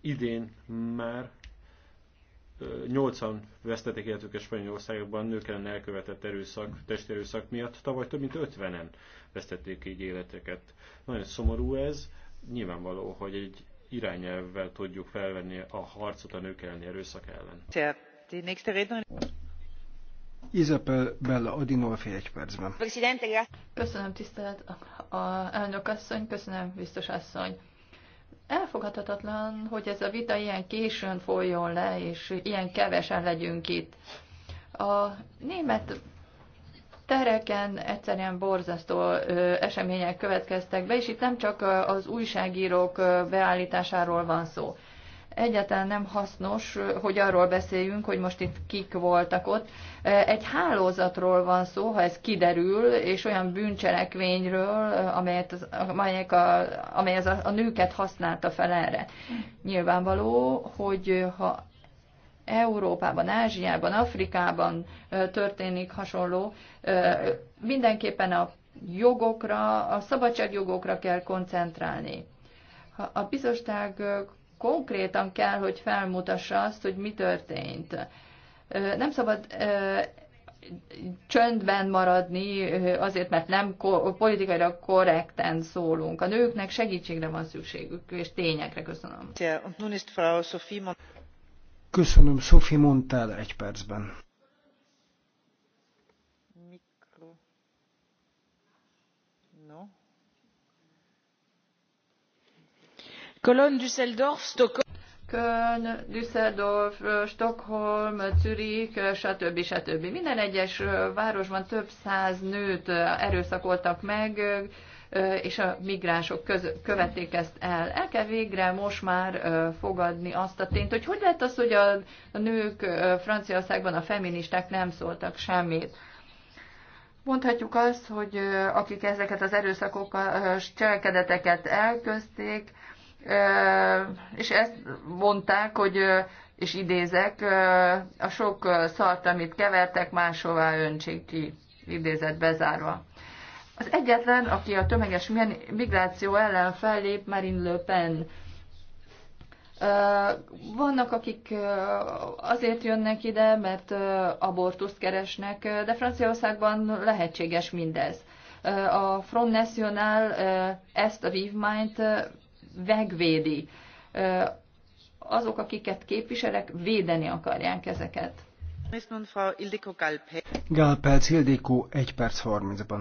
Speaker 5: Idén már 80 vesztették életüket Spanyolországban nők ellen elkövetett erőszak, testerőszak miatt, tavaly több mint 50-en vesztették így életeket. Nagyon szomorú ez, nyilvánvaló, hogy egy irányelvvel tudjuk felvenni a harcot a nők elleni erőszak ellen.
Speaker 6: Izabel Bella Adinolfi egy percben.
Speaker 7: Köszönöm tisztelet a, a elnök asszony, köszönöm biztos asszony. Elfogadhatatlan, hogy ez a vita ilyen későn folyjon le, és ilyen kevesen legyünk itt. A német tereken egyszerűen borzasztó események következtek be, és itt nem csak az újságírók beállításáról van szó. Egyáltalán nem hasznos, hogy arról beszéljünk, hogy most itt kik voltak ott. Egy hálózatról van szó, ha ez kiderül, és olyan bűncselekvényről, amelyet, az, amelyek a, amely az a, a nőket használta fel erre. Nyilvánvaló, hogy ha Európában, Ázsiában, Afrikában történik hasonló, mindenképpen a jogokra, a szabadságjogokra kell koncentrálni. A bizottság konkrétan kell, hogy felmutassa azt, hogy mi történt. Nem szabad csöndben maradni, azért, mert nem politikailag korrekten szólunk. A nőknek segítségre van szükségük, és tényekre köszönöm.
Speaker 6: Köszönöm, Szofi, mondtál egy percben. Mikro. No.
Speaker 7: Cologne, Düsseldorf, Stockholm. Köln, Düsseldorf, Stockholm, Zürich, stb. stb. Minden egyes városban több száz nőt erőszakoltak meg, és a migránsok köz, követték ezt el. El kell végre most már fogadni azt a tényt, hogy hogy lett az, hogy a, a nők Franciaországban a feministák nem szóltak semmit. Mondhatjuk azt, hogy akik ezeket az erőszakokat, cselekedeteket elközték, és ezt mondták, hogy, és idézek, a sok szart, amit kevertek, máshová öntsék ki, idézet bezárva. Az egyetlen, aki a tömeges migráció ellen fellép, Marine Le Pen. Vannak, akik azért jönnek ide, mert abortuszt keresnek, de Franciaországban lehetséges mindez. A Front National ezt a vívmányt megvédi. Azok, akiket képviselek, védeni akarják ezeket.
Speaker 6: Gálpelc Hildékó, egy perc 30-ban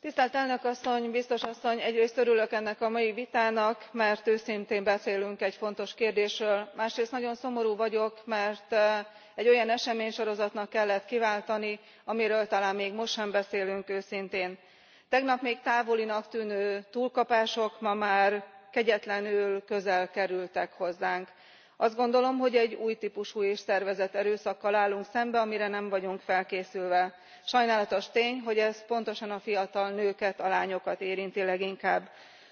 Speaker 4: tisztelt elnök asszony biztos asszony egyrészt örülök ennek a mai vitának mert őszintén beszélünk egy fontos kérdésről másrészt nagyon szomorú vagyok mert eh, egy olyan eseménysorozatnak kellett kiváltani amiről talán még most sem beszélünk őszintén. tegnap még távolinak tűnő túlkapások ma már kegyetlenül közel kerültek hozzánk. azt gondolom hogy egy új tpusú és szervezett erőszakkal állunk szemben amire nem vagyunk felkészülve sajnálatos tény hogy ez pontosan a fiatal nőket a lányokat érinti leginkább.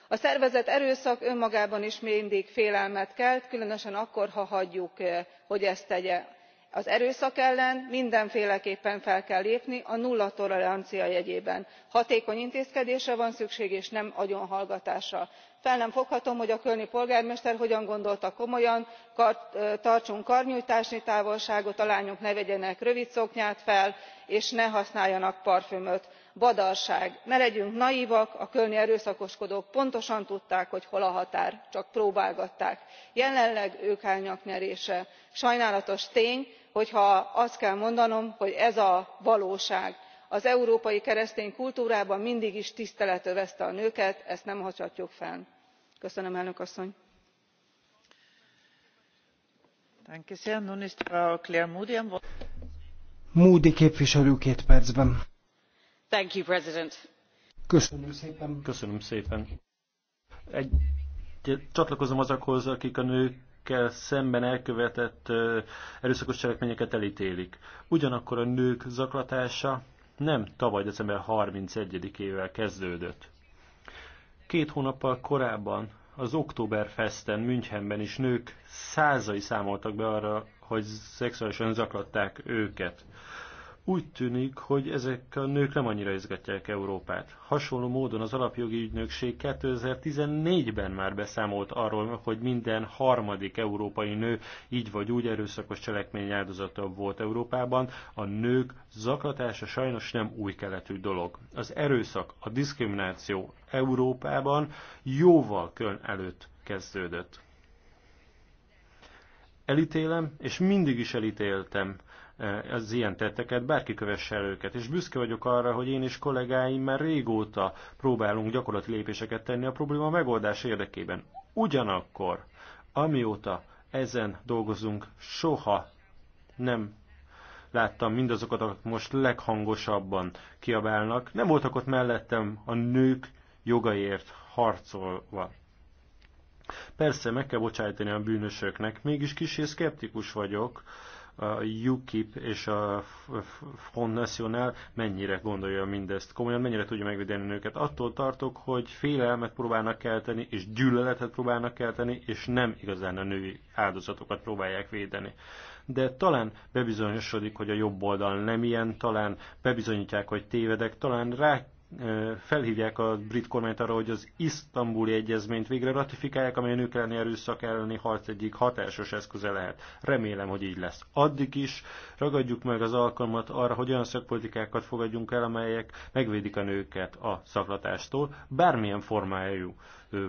Speaker 4: a szervezett erőszak önmagában is mindig félelmet kelt különösen akkor ha hagyjuk eh, hogy ezt tegye az erőszak ellen mindenféleképpen fel kell lépni a nulla tolerancia jegyében. hatékony intézkedésre van szükség és nem agyonhallgatásra. fel nem foghatom hogy a kölni polgármester hogyan gondolta komolyan tartsunk karnyújtásnyi távolságot a lányok ne vegyenek rövid szoknyát fel és ne használjanak parfümöt. badarság! ne legyünk naivak a kölni erőszakoskodók pontosan tudták hogy hol a határ csak próbálgatták. jelenleg ők állnak nyerésre. sajnálatos tény hogyha azt kell mondanom hogy ez a valóság. az európai keresztény kultúrában mindig is tisztelet övezte a nőket ezt nem hagyhatjuk fenn. köszönöm elnök asszony!
Speaker 5: köszönöm szépen. köszönöm szépen. Egy, csatlakozom azokhoz akik a nők nőkkel szemben elkövetett erőszakos cselekményeket elítélik. Ugyanakkor a nők zaklatása nem tavaly december 31-ével kezdődött. Két hónappal korábban az Oktoberfesten Münchenben is nők százai számoltak be arra, hogy szexuálisan zaklatták őket. Úgy tűnik, hogy ezek a nők nem annyira izgatják Európát. Hasonló módon az alapjogi ügynökség 2014-ben már beszámolt arról, hogy minden harmadik európai nő így vagy úgy erőszakos cselekmény áldozata volt Európában. A nők zaklatása sajnos nem új keletű dolog. Az erőszak, a diszkrimináció Európában jóval kön előtt kezdődött. Elítélem, és mindig is elítéltem Eh, az ilyen tetteket, bárki kövesse el őket. És büszke vagyok arra, hogy én és kollégáim már régóta próbálunk gyakorlati lépéseket tenni a probléma megoldás érdekében. Ugyanakkor, amióta ezen dolgozunk, soha nem láttam mindazokat, akik most leghangosabban kiabálnak. Nem voltak ott mellettem a nők jogaiért harcolva. Persze meg kell bocsájtani a bűnösöknek, mégis kicsi szkeptikus vagyok, a UKIP és a Front National mennyire gondolja mindezt komolyan, mennyire tudja megvédeni őket. Attól tartok, hogy félelmet próbálnak kelteni, és gyűlöletet próbálnak kelteni, és nem igazán a női áldozatokat próbálják védeni. De talán bebizonyosodik, hogy a jobb oldal nem ilyen, talán bebizonyítják, hogy tévedek, talán rá felhívják a brit kormányt arra, hogy az isztambuli egyezményt végre ratifikálják, amely a nők elleni erőszak elleni harc egyik hatásos eszköze lehet. Remélem, hogy így lesz. Addig is ragadjuk meg az alkalmat arra, hogy olyan szakpolitikákat fogadjunk el, amelyek megvédik a nőket a szaklatástól, bármilyen formájú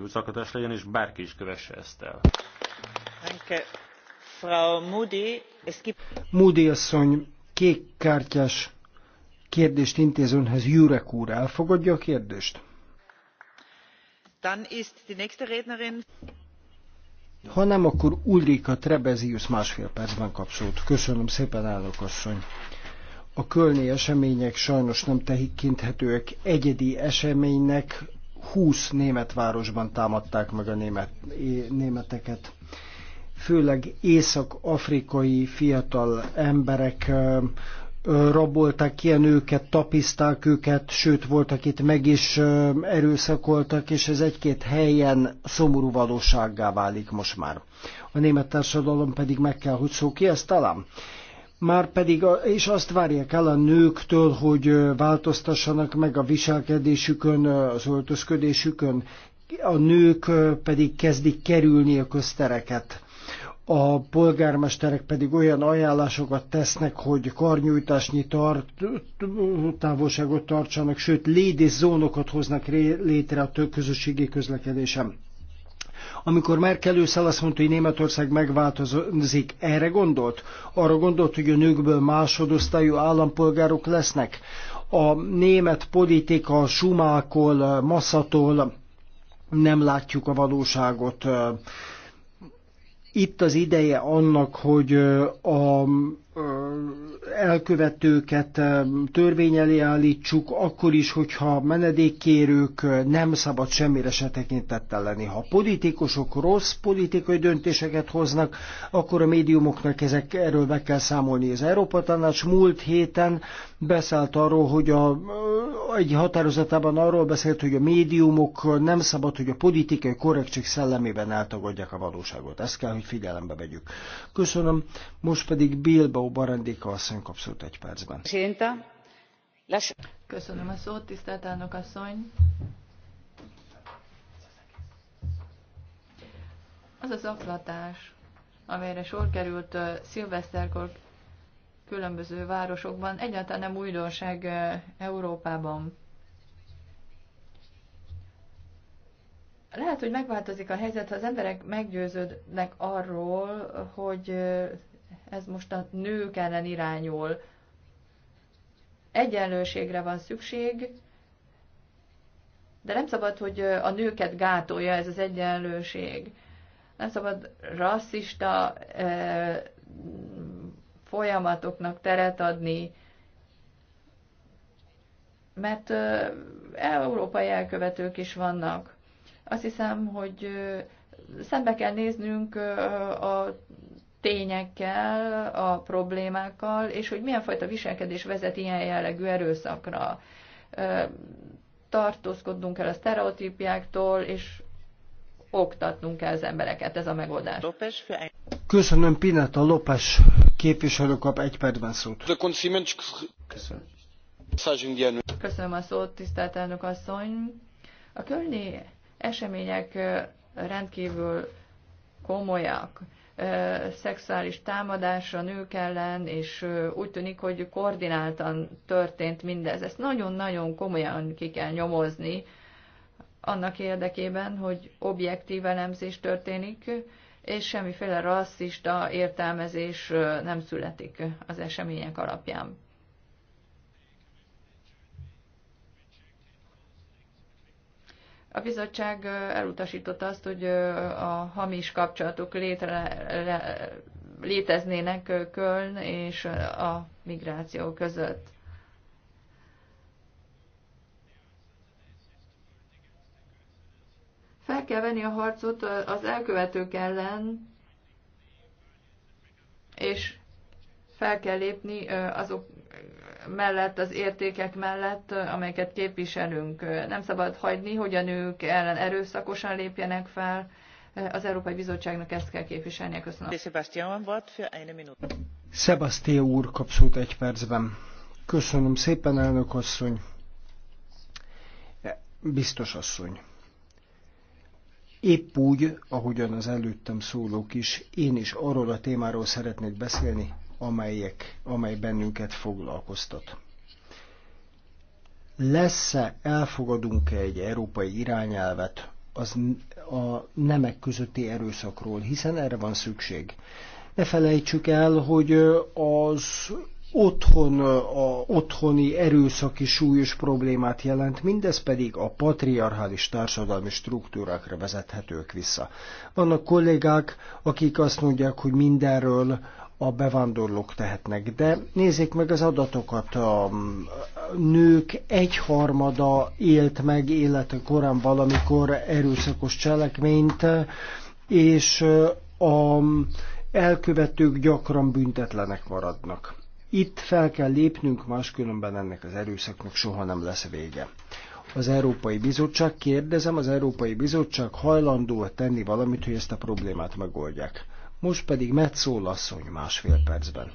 Speaker 5: szaklatás legyen, és bárki is kövesse ezt el.
Speaker 6: Moody asszony, kék kártyás kérdést intéz önhez, Jurek úr elfogadja a kérdést?
Speaker 4: Dann ist die nächste Rednerin.
Speaker 6: Ha nem, akkor Ulrika Trebezius másfél percben kapcsolt. Köszönöm szépen, állok asszony. A kölni események sajnos nem tekinthetőek egyedi eseménynek. 20 német városban támadták meg a német, németeket. Főleg észak-afrikai fiatal emberek rabolták ki a nőket, tapiszták őket, sőt voltak itt meg is erőszakoltak, és ez egy-két helyen szomorú valósággá válik most már. A német társadalom pedig meg kell, hogy szó ki ezt talán. Már pedig, és azt várják el a nőktől, hogy változtassanak meg a viselkedésükön, az öltözködésükön, a nők pedig kezdik kerülni a köztereket a polgármesterek pedig olyan ajánlásokat tesznek, hogy karnyújtásnyi tart, távolságot tartsanak, sőt zónokat hoznak létre a közösségi közlekedésem. Amikor Merkel ősszel azt mondta, hogy Németország megváltozik, erre gondolt? Arra gondolt, hogy a nőkből másodosztályú állampolgárok lesznek? A német politika Sumákol, Masszatól nem látjuk a valóságot itt az ideje annak, hogy a elkövetőket törvény elé állítsuk, akkor is, hogyha menedékkérők nem szabad semmire se tekintettel lenni. Ha politikusok rossz politikai döntéseket hoznak, akkor a médiumoknak ezek, erről be kell számolni. Az Európa Tanács múlt héten beszélt arról, hogy a, egy határozatában arról beszélt, hogy a médiumok nem szabad, hogy a politikai korrektség szellemében eltagadják a valóságot. Ezt kell, hogy figyelembe vegyük. Köszönöm. Most pedig Bilbao Barandéka asszony asszony kap szót egy
Speaker 7: percben. Köszönöm a szót, tisztelt elnök asszony. Az az aklatás, amelyre sor került szilveszterkor különböző városokban, egyáltalán nem újdonság Európában. Lehet, hogy megváltozik a helyzet, ha az emberek meggyőződnek arról, hogy ez most a nők ellen irányul. Egyenlőségre van szükség, de nem szabad, hogy a nőket gátolja ez az egyenlőség. Nem szabad rasszista eh, folyamatoknak teret adni, mert eh, európai elkövetők is vannak. Azt hiszem, hogy eh, szembe kell néznünk a tényekkel, a problémákkal, és hogy milyen fajta viselkedés vezet ilyen jellegű erőszakra. Tartózkodnunk kell a sztereotípiáktól, és oktatnunk kell az embereket, ez a megoldás.
Speaker 6: Köszönöm a lopás képviselő kap egy percben szót.
Speaker 3: Köszönöm.
Speaker 7: Köszönöm a szót, tisztelt elnök asszony. A kölni események rendkívül komolyak szexuális támadásra nők ellen, és úgy tűnik, hogy koordináltan történt mindez. Ezt nagyon-nagyon komolyan ki kell nyomozni annak érdekében, hogy objektív elemzés történik, és semmiféle rasszista értelmezés nem születik az események alapján. A bizottság elutasította azt, hogy a hamis kapcsolatok létre, léteznének Köln és a migráció között. Fel kell venni a harcot az elkövetők ellen, és fel kell lépni azok mellett, az értékek mellett, amelyeket képviselünk. Nem szabad hagyni, hogy a nők ellen erőszakosan lépjenek fel. Az Európai Bizottságnak ezt kell képviselnie. Köszönöm.
Speaker 6: Sebastian úr kap egy percben. Köszönöm szépen, elnök asszony. Biztos asszony. Épp úgy, ahogyan az előttem szólók is, én is arról a témáról szeretnék beszélni, amelyek, amely bennünket foglalkoztat. Lesz-e, elfogadunk-e egy európai irányelvet az a nemek közötti erőszakról, hiszen erre van szükség. Ne felejtsük el, hogy az otthon, a otthoni erőszaki súlyos problémát jelent, mindez pedig a patriarchális társadalmi struktúrákra vezethetők vissza. Vannak kollégák, akik azt mondják, hogy mindenről a bevándorlók tehetnek. De nézzék meg az adatokat. A nők egyharmada élt meg élete korán valamikor erőszakos cselekményt, és a elkövetők gyakran büntetlenek maradnak. Itt fel kell lépnünk, máskülönben ennek az erőszaknak soha nem lesz vége. Az Európai Bizottság, kérdezem, az Európai Bizottság hajlandó tenni valamit, hogy ezt a problémát megoldják. Most pedig Metzol asszony másfél percben.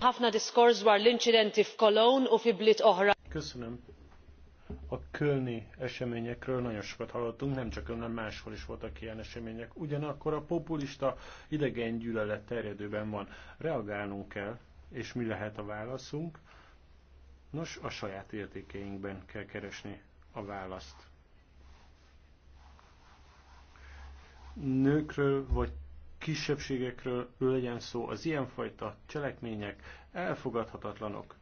Speaker 2: Köszönöm. A kölni
Speaker 5: eseményekről nagyon sokat hallottunk, nem csak önnel, máshol is voltak ilyen események. Ugyanakkor a populista idegen gyűlölet terjedőben van. Reagálnunk kell, és mi lehet a válaszunk? Nos, a saját értékeinkben kell keresni a választ. Nőkről vagy kisebbségekről legyen szó, az ilyenfajta cselekmények elfogadhatatlanok.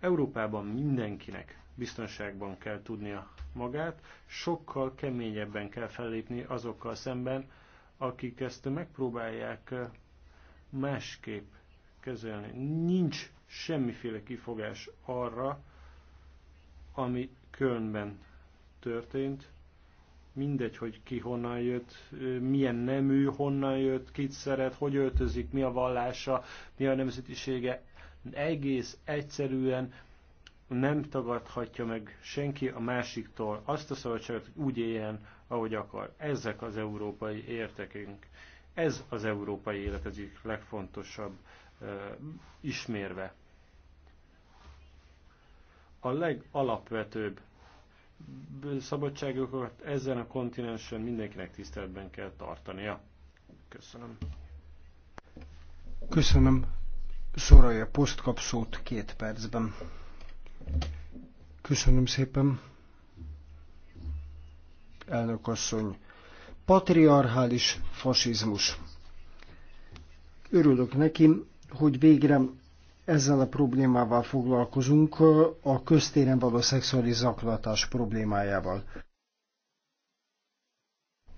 Speaker 5: Európában mindenkinek biztonságban kell tudnia magát, sokkal keményebben kell fellépni azokkal szemben, akik ezt megpróbálják eh, másképp kezelni. Nincs semmiféle kifogás arra, ami Kölnben történt, mindegy, hogy ki honnan jött, milyen nemű, honnan jött, kit szeret, hogy öltözik, mi a vallása, mi a nemzetisége, egész egyszerűen nem tagadhatja meg senki a másiktól azt a szabadságot, hogy úgy éljen, ahogy akar. Ezek az európai értekünk. Ez az európai élet egyik legfontosabb ismérve. A legalapvetőbb szabadságokat ezen a kontinensen mindenkinek tiszteletben kell tartania. Köszönöm.
Speaker 6: Köszönöm. Soraya Post kap szót két percben. Köszönöm szépen. Elnök asszony. Patriarchális fasizmus. Örülök neki, hogy végre ezzel a problémával foglalkozunk, a köztéren való szexuális zaklatás problémájával.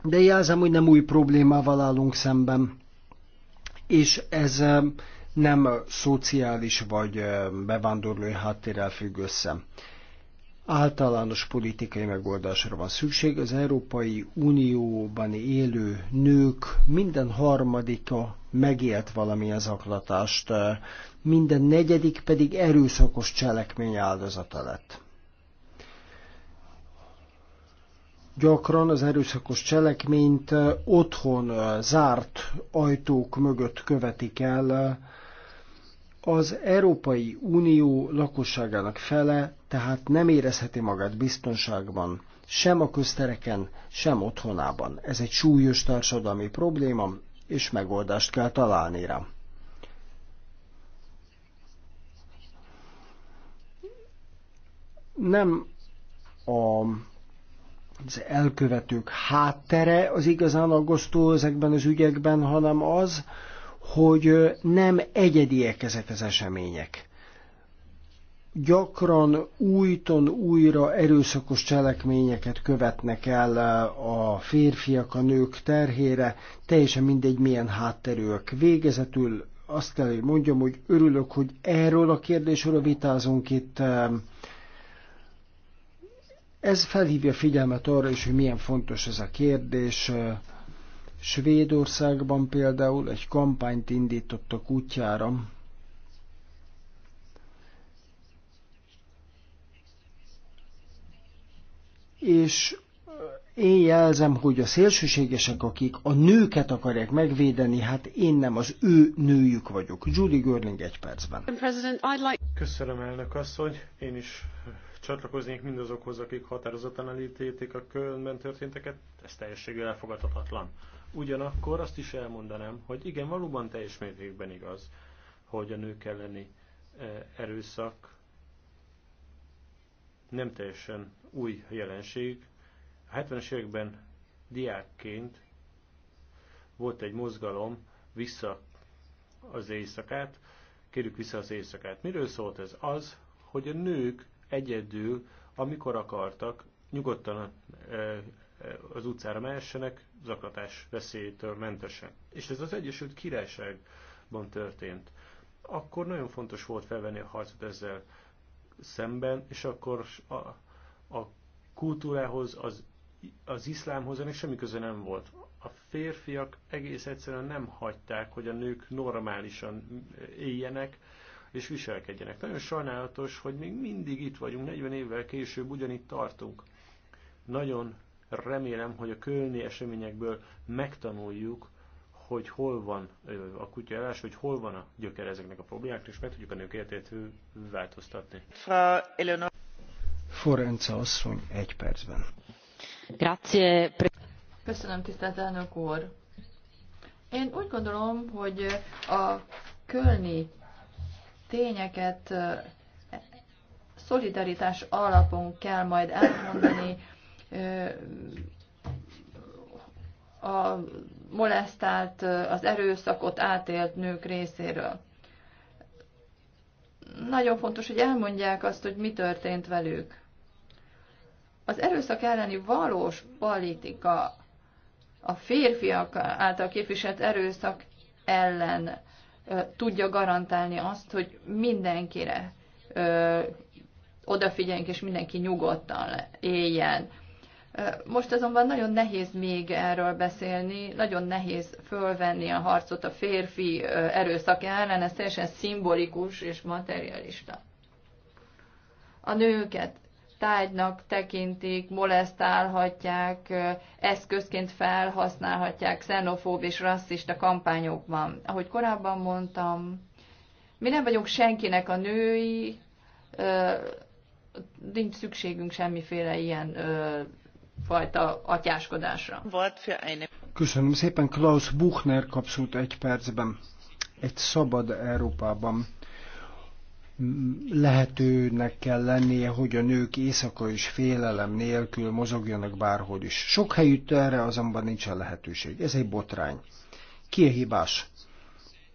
Speaker 6: De jelzem, hogy nem új problémával állunk szemben, és ez eh, nem szociális vagy eh, bevándorlói háttérrel függ össze általános politikai megoldásra van szükség. Az Európai Unióban élő nők minden harmadika megélt valamilyen zaklatást, minden negyedik pedig erőszakos cselekmény áldozata lett. Gyakran az erőszakos cselekményt otthon zárt ajtók mögött követik el, az Európai Unió lakosságának fele tehát nem érezheti magát biztonságban, sem a köztereken, sem otthonában. Ez egy súlyos társadalmi probléma, és megoldást kell találni rá. Nem a az elkövetők háttere az igazán aggasztó ezekben az ügyekben, hanem az, hogy nem egyediek ezek az események gyakran újton újra erőszakos cselekményeket követnek el a férfiak a nők terhére, teljesen mindegy milyen hátterűek. Végezetül azt kell, hogy mondjam, hogy örülök, hogy erről a kérdésről vitázunk itt. Ez felhívja figyelmet arra is, hogy milyen fontos ez a kérdés. Svédországban például egy kampányt indítottak útjára, és én jelzem, hogy a szélsőségesek, akik a nőket akarják megvédeni, hát én nem az ő nőjük vagyok. Julie Görling egy percben.
Speaker 5: Köszönöm elnök asszony, én is csatlakoznék mindazokhoz, akik határozottan elítélték a körben történteket, ez teljességgel elfogadhatatlan. Ugyanakkor azt is elmondanám, hogy igen, valóban teljes mértékben igaz, hogy a nők elleni eh, erőszak nem teljesen új jelenség. A 70-es években diákként volt egy mozgalom vissza az éjszakát, kérjük vissza az éjszakát. Miről szólt ez? Az, hogy a nők egyedül, amikor akartak, nyugodtan eh, eh, az utcára mehessenek, zaklatás veszélytől mentesen. És ez az Egyesült Királyságban történt. Akkor nagyon fontos volt felvenni a harcot ezzel szemben, és akkor a a kultúrához, az, az iszlámhoz ennek semmi köze nem volt. A férfiak egész egyszerűen nem hagyták, hogy a nők normálisan éljenek és viselkedjenek. Nagyon sajnálatos, hogy még mindig itt vagyunk, 40 évvel később ugyanitt tartunk. Nagyon remélem, hogy a kölni eseményekből megtanuljuk, hogy hol van a kutya hogy hol van a gyökere ezeknek a problémáknak, és meg tudjuk a nők életét változtatni. Frau Eleonor
Speaker 6: egy percben. Grazie.
Speaker 7: Köszönöm, tisztelt elnök úr. Én úgy gondolom, hogy a kölni tényeket szolidaritás alapon kell majd elmondani a molesztált, az erőszakot átélt nők részéről. Nagyon fontos, hogy elmondják azt, hogy mi történt velük. Az erőszak elleni valós politika, a férfiak által képviselt erőszak ellen tudja garantálni azt, hogy mindenkire odafigyeljünk, és mindenki nyugodtan éljen. Most azonban nagyon nehéz még erről beszélni, nagyon nehéz fölvenni a harcot a férfi erőszak ellen, ez teljesen szimbolikus és materialista. A nőket tárgynak tekintik, molesztálhatják, eszközként felhasználhatják xenofób és rasszista kampányokban. Ahogy korábban mondtam, mi nem vagyunk senkinek a női, nincs szükségünk semmiféle ilyen fajta atyáskodásra.
Speaker 6: Köszönöm szépen, Klaus Buchner kapszult egy percben. Egy szabad Európában lehetőnek kell lennie, hogy a nők éjszaka és félelem nélkül mozogjanak bárhol is. Sok helyütt erre azonban nincsen lehetőség. Ez egy botrány. Ki a hibás?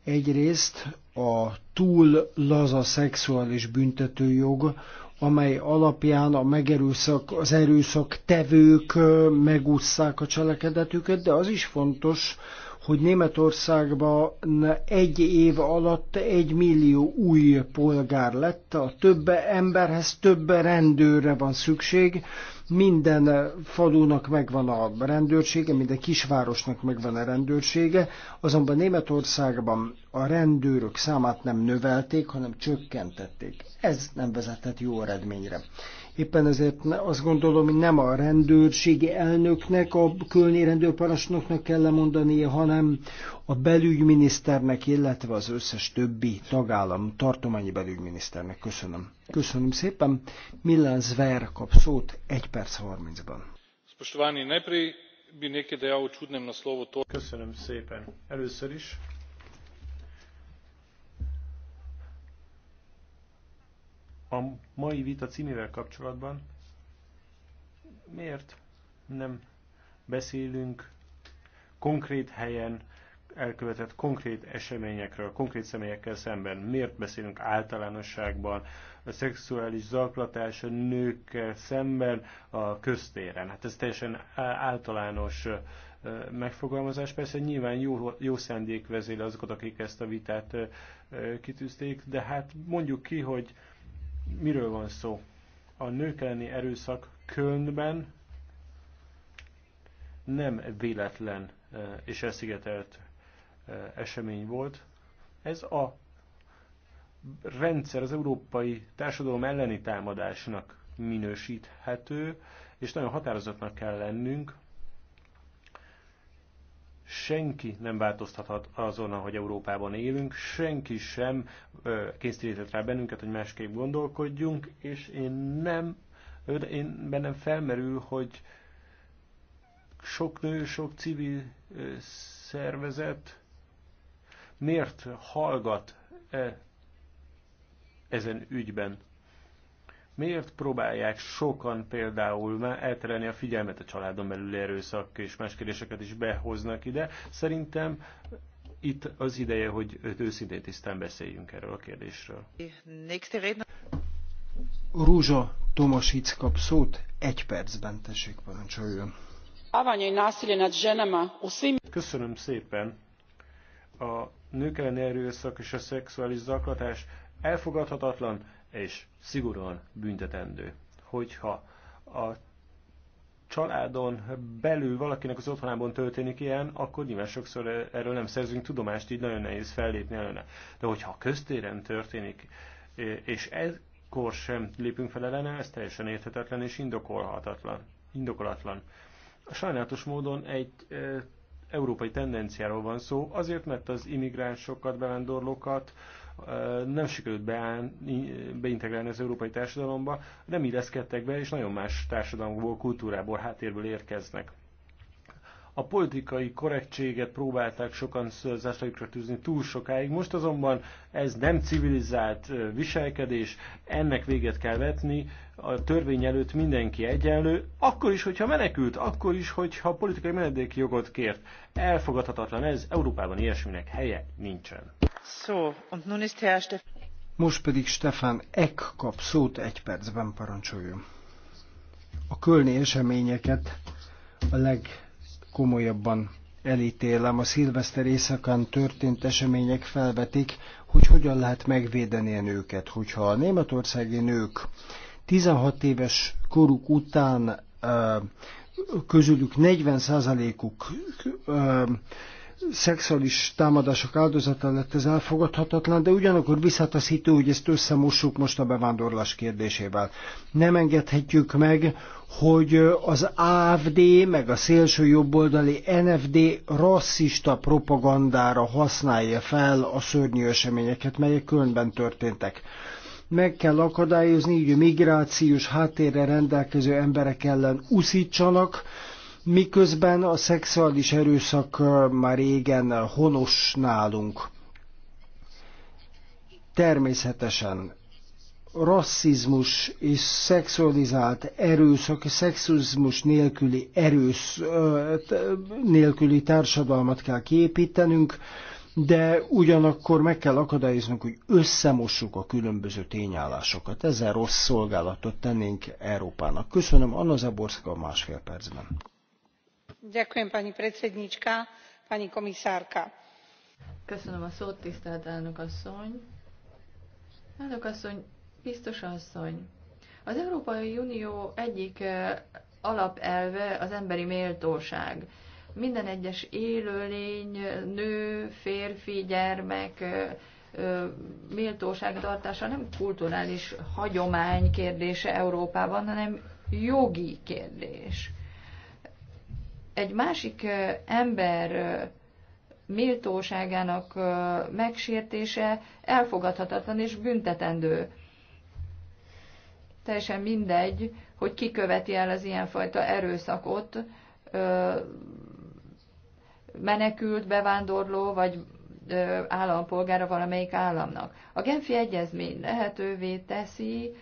Speaker 6: Egyrészt a túl laza szexuális büntetőjog, amely alapján a megerőszak, az erőszak tevők megúszszák a cselekedetüket, de az is fontos, hogy Németországban egy év alatt egy millió új polgár lett, a több emberhez több rendőrre van szükség, minden falunak megvan a rendőrsége, minden kisvárosnak megvan a rendőrsége, azonban Németországban a rendőrök számát nem növelték, hanem csökkentették. Ez nem vezetett jó eredményre. Éppen ezért azt gondolom, hogy nem a rendőrségi elnöknek, a külni rendőrparancsnoknak kell lemondania, hanem a belügyminiszternek, illetve az összes többi tagállam tartományi belügyminiszternek. Köszönöm. Köszönöm szépen. Millán Zver kap szót 1 perc 30-ban.
Speaker 5: Köszönöm szépen. Először is a mai vita címével kapcsolatban miért nem beszélünk konkrét helyen elkövetett konkrét eseményekről, konkrét személyekkel szemben. Miért beszélünk általánosságban a szexuális zaklatás a nőkkel szemben a köztéren? Hát ez teljesen általános megfogalmazás. Persze nyilván jó, jó szándék vezéli azokat, akik ezt a vitát kitűzték, de hát mondjuk ki, hogy miről van szó? A nők elleni erőszak Kölnben nem véletlen e, és elszigetelt e, esemény volt. Ez a rendszer az európai társadalom elleni támadásnak minősíthető, és nagyon határozatnak kell lennünk, senki nem változtathat azon, hogy Európában élünk, senki sem kényszerített rá bennünket, hogy másképp gondolkodjunk, és én nem, én bennem felmerül, hogy sok nő, sok civil szervezet miért hallgat -e ezen ügyben? Miért próbálják sokan például elterelni a figyelmet a családon belüli erőszak és más kérdéseket is behoznak ide? Szerintem itt az ideje, hogy őszintén tisztán beszéljünk erről a kérdésről.
Speaker 6: Rúzsa Tomasic kap szót, egy percben tessék
Speaker 5: parancsoljon. Köszönöm szépen. A nők elleni erőszak és a szexuális zaklatás elfogadhatatlan, és szigorúan büntetendő. Hogyha a családon belül valakinek az otthonában történik ilyen, akkor nyilván sokszor erről nem szerzünk tudomást, így nagyon nehéz fellépni ellene. De hogyha köztéren történik, és ekkor sem lépünk fel ellene, ez teljesen érthetetlen és indokolhatatlan. Indokolatlan. Sajnálatos módon egy e, európai tendenciáról van szó, azért, mert az imigránsokat, bevándorlókat nem sikerült beintegrálni az európai társadalomba, nem illeszkedtek be, és nagyon más társadalomból, kultúrából, háttérből érkeznek. A politikai korrektséget próbálták sokan zászlóikra tűzni túl sokáig, most azonban ez nem civilizált viselkedés, ennek véget kell vetni, a törvény előtt mindenki egyenlő, akkor is, hogyha menekült, akkor is, hogyha politikai jogot kért. Elfogadhatatlan ez, Európában ilyesminek helye nincsen.
Speaker 7: So, und nun ist Herr
Speaker 6: most pedig Stefan Eck kap szót egy percben parancsoljon. A kölni eseményeket a leg komolyabban elítélem. A szilveszter éjszakán történt események felvetik, hogy hogyan lehet megvédeni a nőket. Hogyha a németországi nők 16 éves koruk után közülük 40 százalékuk szexuális támadások áldozata lett, ez elfogadhatatlan, de ugyanakkor visszataszító, hogy ezt összemossuk most a bevándorlás kérdésével. Nem engedhetjük meg, hogy az AFD meg a szélső jobboldali NFD rasszista propagandára használja fel a szörnyű eseményeket, melyek különben történtek meg kell akadályozni, hogy migrációs háttérre rendelkező emberek ellen uszítsanak, miközben a szexuális erőszak már régen honos nálunk. Természetesen rasszizmus és szexualizált erőszak, szexizmus nélküli erősz nélküli társadalmat kell kiépítenünk, de ugyanakkor meg kell akadályoznunk, hogy összemossuk a különböző tényállásokat. Ezzel rossz szolgálatot tennénk Európának. Köszönöm, Anna Zaborszka másfél percben
Speaker 4: pani predsedajúca pani komisárka
Speaker 7: tisztelt elnök asszony! elnök asszony biztos asszony! az európai unió egyik eh, alapelve az emberi méltóság. minden egyes élőlény nő férfi gyermek eh, eh, tartása nem kulturális hagyomány kérdése európában hanem jogi kérdés egy másik ember méltóságának megsértése elfogadhatatlan és büntetendő. Teljesen mindegy, hogy ki követi el az ilyenfajta erőszakot, menekült, bevándorló vagy állampolgára valamelyik államnak. A Genfi Egyezmény lehetővé teszi,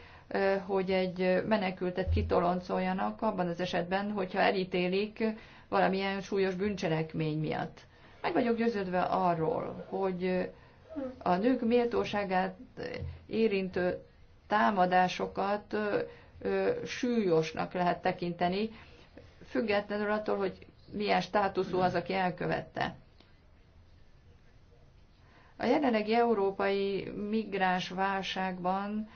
Speaker 7: hogy egy menekültet kitoloncoljanak abban az esetben, hogyha elítélik valamilyen súlyos bűncselekmény miatt. Meg vagyok győződve arról, hogy a nők méltóságát érintő támadásokat súlyosnak lehet tekinteni, függetlenül attól, hogy milyen státuszú az, aki elkövette. A jelenlegi európai migráns válságban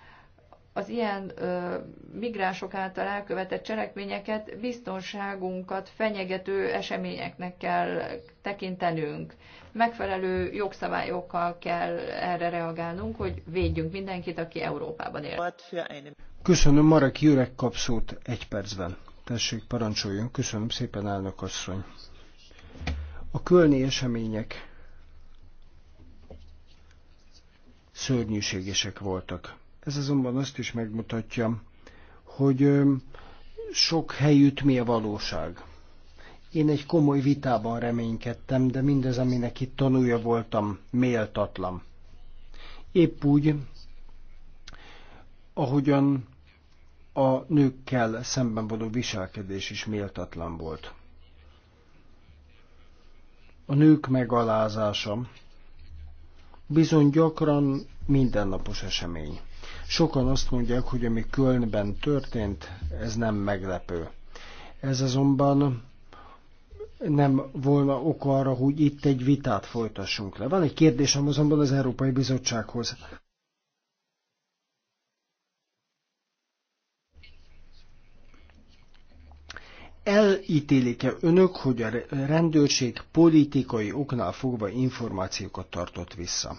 Speaker 7: az ilyen ö, migránsok által elkövetett cselekményeket biztonságunkat fenyegető eseményeknek kell tekintenünk. Megfelelő jogszabályokkal kell erre reagálnunk, hogy védjünk mindenkit, aki Európában él.
Speaker 6: Köszönöm, Marek Jürek kap szót egy percben. Tessék, parancsoljon. Köszönöm szépen, elnök asszony. A kölni események szörnyűségesek voltak ez azonban azt is megmutatja, hogy sok helyütt mi a valóság. Én egy komoly vitában reménykedtem, de mindez, aminek itt tanulja voltam, méltatlan. Épp úgy, ahogyan a nőkkel szemben való viselkedés is méltatlan volt. A nők megalázása bizony gyakran mindennapos esemény. Sokan azt mondják, hogy ami Kölnben történt, ez nem meglepő. Ez azonban nem volna ok arra, hogy itt egy vitát folytassunk le. Van egy kérdésem azonban az Európai Bizottsághoz. Elítélik-e önök, hogy a rendőrség politikai oknál fogva információkat tartott vissza?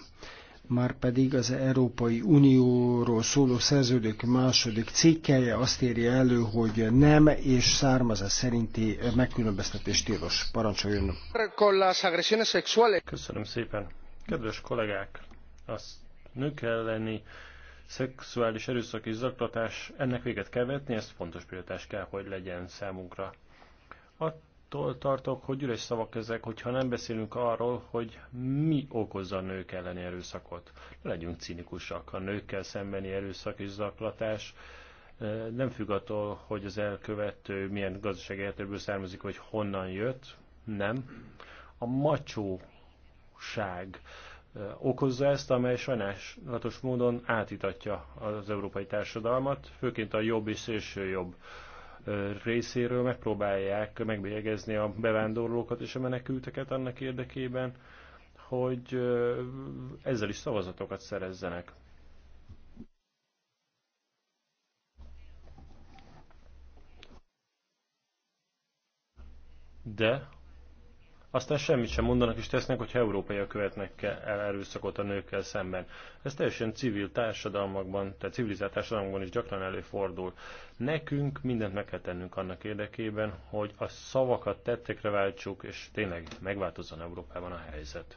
Speaker 6: már pedig az Európai Unióról szóló szerződők második cikkelje azt írja elő, hogy nem és származás szerinti megkülönböztetés tilos. Parancsoljon!
Speaker 5: Köszönöm szépen! Kedves kollégák! A nők elleni szexuális erőszak és zaklatás, ennek véget kell vetni, ez fontos prioritás kell, hogy legyen számunkra. A attól tartok, hogy üres szavak ezek, hogyha nem beszélünk arról, hogy mi okozza a nők elleni erőszakot. Legyünk cinikusak. A nőkkel szembeni erőszak és zaklatás nem függ attól, hogy az elkövető milyen gazdasági értőből származik, hogy honnan jött, nem. A macsóság okozza ezt, amely sajnálatos módon átitatja az európai társadalmat, főként a jobb és szélső jobb részéről megpróbálják megbélyegezni a bevándorlókat és a menekülteket annak érdekében, hogy ezzel is szavazatokat szerezzenek. De aztán semmit sem mondanak és tesznek, hogy európaiak követnek el erőszakot a nőkkel szemben. Ez teljesen civil társadalmakban, tehát civilizált társadalmakban is gyakran előfordul. Nekünk mindent meg kell tennünk annak érdekében, hogy a szavakat tettekre váltsuk, és tényleg megváltozzon Európában a helyzet.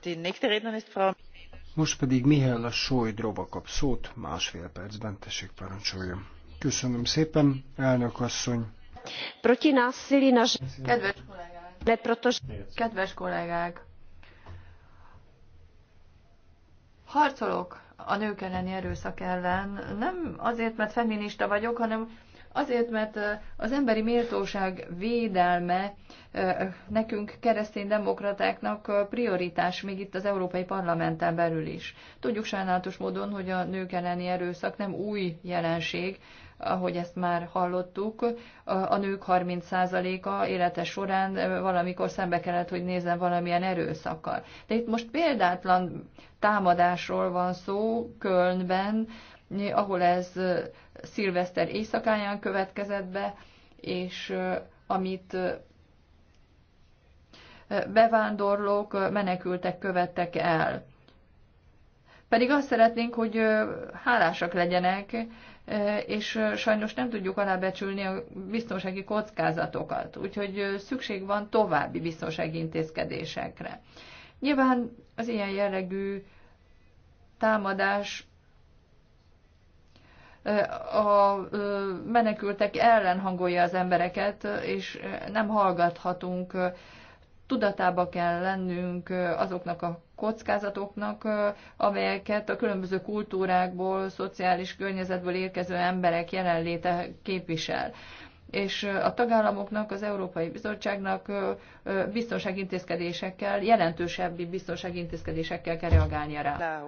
Speaker 6: Most pedig Mihály a Sojdroba kap szót, másfél percben tessék parancsoljon. Köszönöm szépen, elnök asszony.
Speaker 2: Proti násilí Kedves kollégák! Kedves kollégák!
Speaker 7: Harcolok a nők elleni erőszak ellen, nem azért, mert feminista vagyok, hanem azért, mert eh, az emberi méltóság védelme eh, nekünk keresztény demokratáknak eh, prioritás, még itt az Európai Parlamenten belül is. Tudjuk sajnálatos módon, hogy a nők elleni erőszak nem új jelenség, ahogy ezt már hallottuk, a nők 30%-a élete során valamikor szembe kellett, hogy nézzen valamilyen erőszakkal. De itt most példátlan támadásról van szó Kölnben, ahol ez szilveszter éjszakáján következett be, és amit bevándorlók, menekültek követtek el. Pedig azt szeretnénk, hogy hálásak legyenek, és sajnos nem tudjuk alábecsülni a biztonsági kockázatokat, úgyhogy szükség van további biztonsági intézkedésekre. Nyilván az ilyen jellegű támadás a menekültek ellen hangolja az embereket, és nem hallgathatunk, tudatába kell lennünk azoknak a kockázatoknak, amelyeket a különböző kultúrákból, szociális környezetből érkező emberek jelenléte képvisel és a tagállamoknak, az Európai Bizottságnak biztonságintézkedésekkel, jelentősebbi biztonságintézkedésekkel kell reagálnia rá.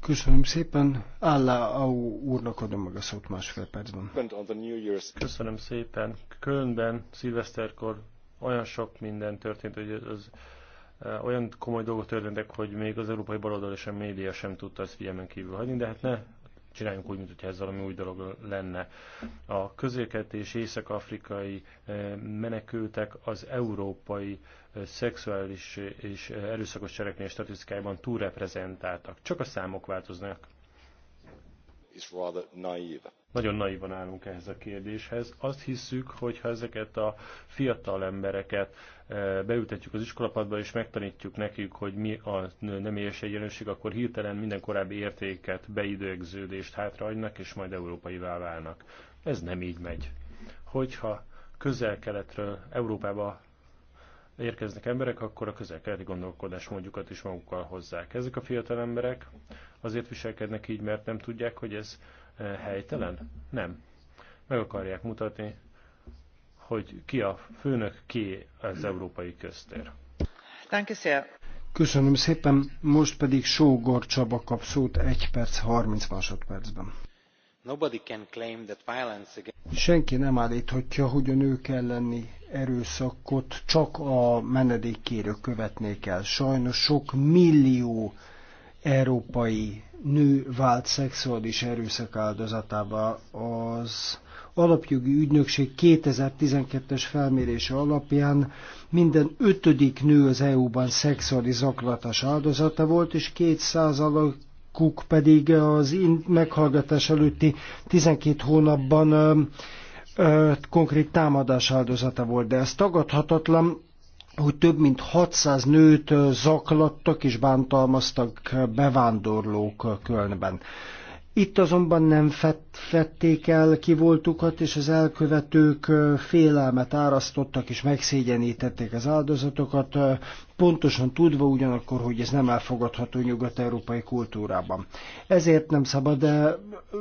Speaker 6: Köszönöm szépen. Állá úrnak adom meg a szót másfél percben.
Speaker 5: Köszönöm szépen. Különben szilveszterkor olyan sok minden történt, hogy az olyan komoly dolgok történtek, hogy még az európai baloldal és a média sem tudta ezt figyelmen kívül hagyni, de hát ne csináljunk úgy, mintha ez valami új dolog lenne. A közéket és észak-afrikai menekültek az európai szexuális és erőszakos cselekmény statisztikájában túlreprezentáltak. Csak a számok változnak, is rather naive. Nagyon naivan állunk ehhez a kérdéshez. Azt hisszük, hogy ha ezeket a fiatal embereket eh, beültetjük az iskolapadba és megtanítjuk nekik, hogy mi a nemélyes egyenlőség, akkor hirtelen minden korábbi értéket, beidőegződést hátrahagynak, és majd európaivá válnak. Ez nem így megy. Hogyha közel-keletről Európába érkeznek emberek, akkor a közel-keleti gondolkodásmódjukat is magukkal hozzák. Ezek a fiatal emberek azért viselkednek így, mert nem tudják, hogy ez eh, helytelen? Nem. Meg akarják mutatni, hogy ki a főnök, ki az európai köztér.
Speaker 6: Köszönöm szépen, most pedig Sógor Csaba kap szót 1 perc 30 másodpercben. Senki nem állíthatja, hogy a nők elleni erőszakot csak a menedékkérő követnék el. Sajnos sok millió európai nő vált szexuális erőszak áldozatába az alapjogi ügynökség 2012-es felmérése alapján minden ötödik nő az EU-ban szexuális zaklatás áldozata volt, és 200 Cook pedig az meghallgatás előtti 12 hónapban ö, ö, konkrét támadás áldozata volt, de ez tagadhatatlan, hogy több mint 600 nőt zaklattak és bántalmaztak bevándorlók Kölnben. Itt azonban nem fették el kivoltukat, és az elkövetők félelmet árasztottak és megszégyenítették az áldozatokat, pontosan tudva ugyanakkor, hogy ez nem elfogadható nyugat-európai kultúrában. Ezért nem szabad de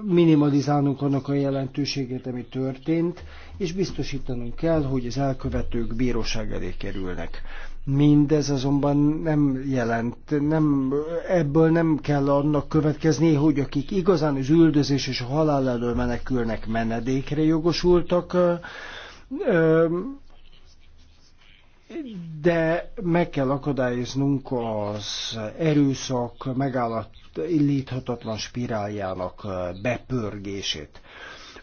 Speaker 6: minimalizálnunk annak a jelentőségét, ami történt, és biztosítanunk kell, hogy az elkövetők bíróság elé kerülnek. Mindez azonban nem jelent, nem, ebből nem kell annak következni, hogy akik igazán az üldözés és a halál elől menekülnek, menedékre jogosultak, de meg kell akadályoznunk az erőszak megállat illíthatatlan spiráljának bepörgését.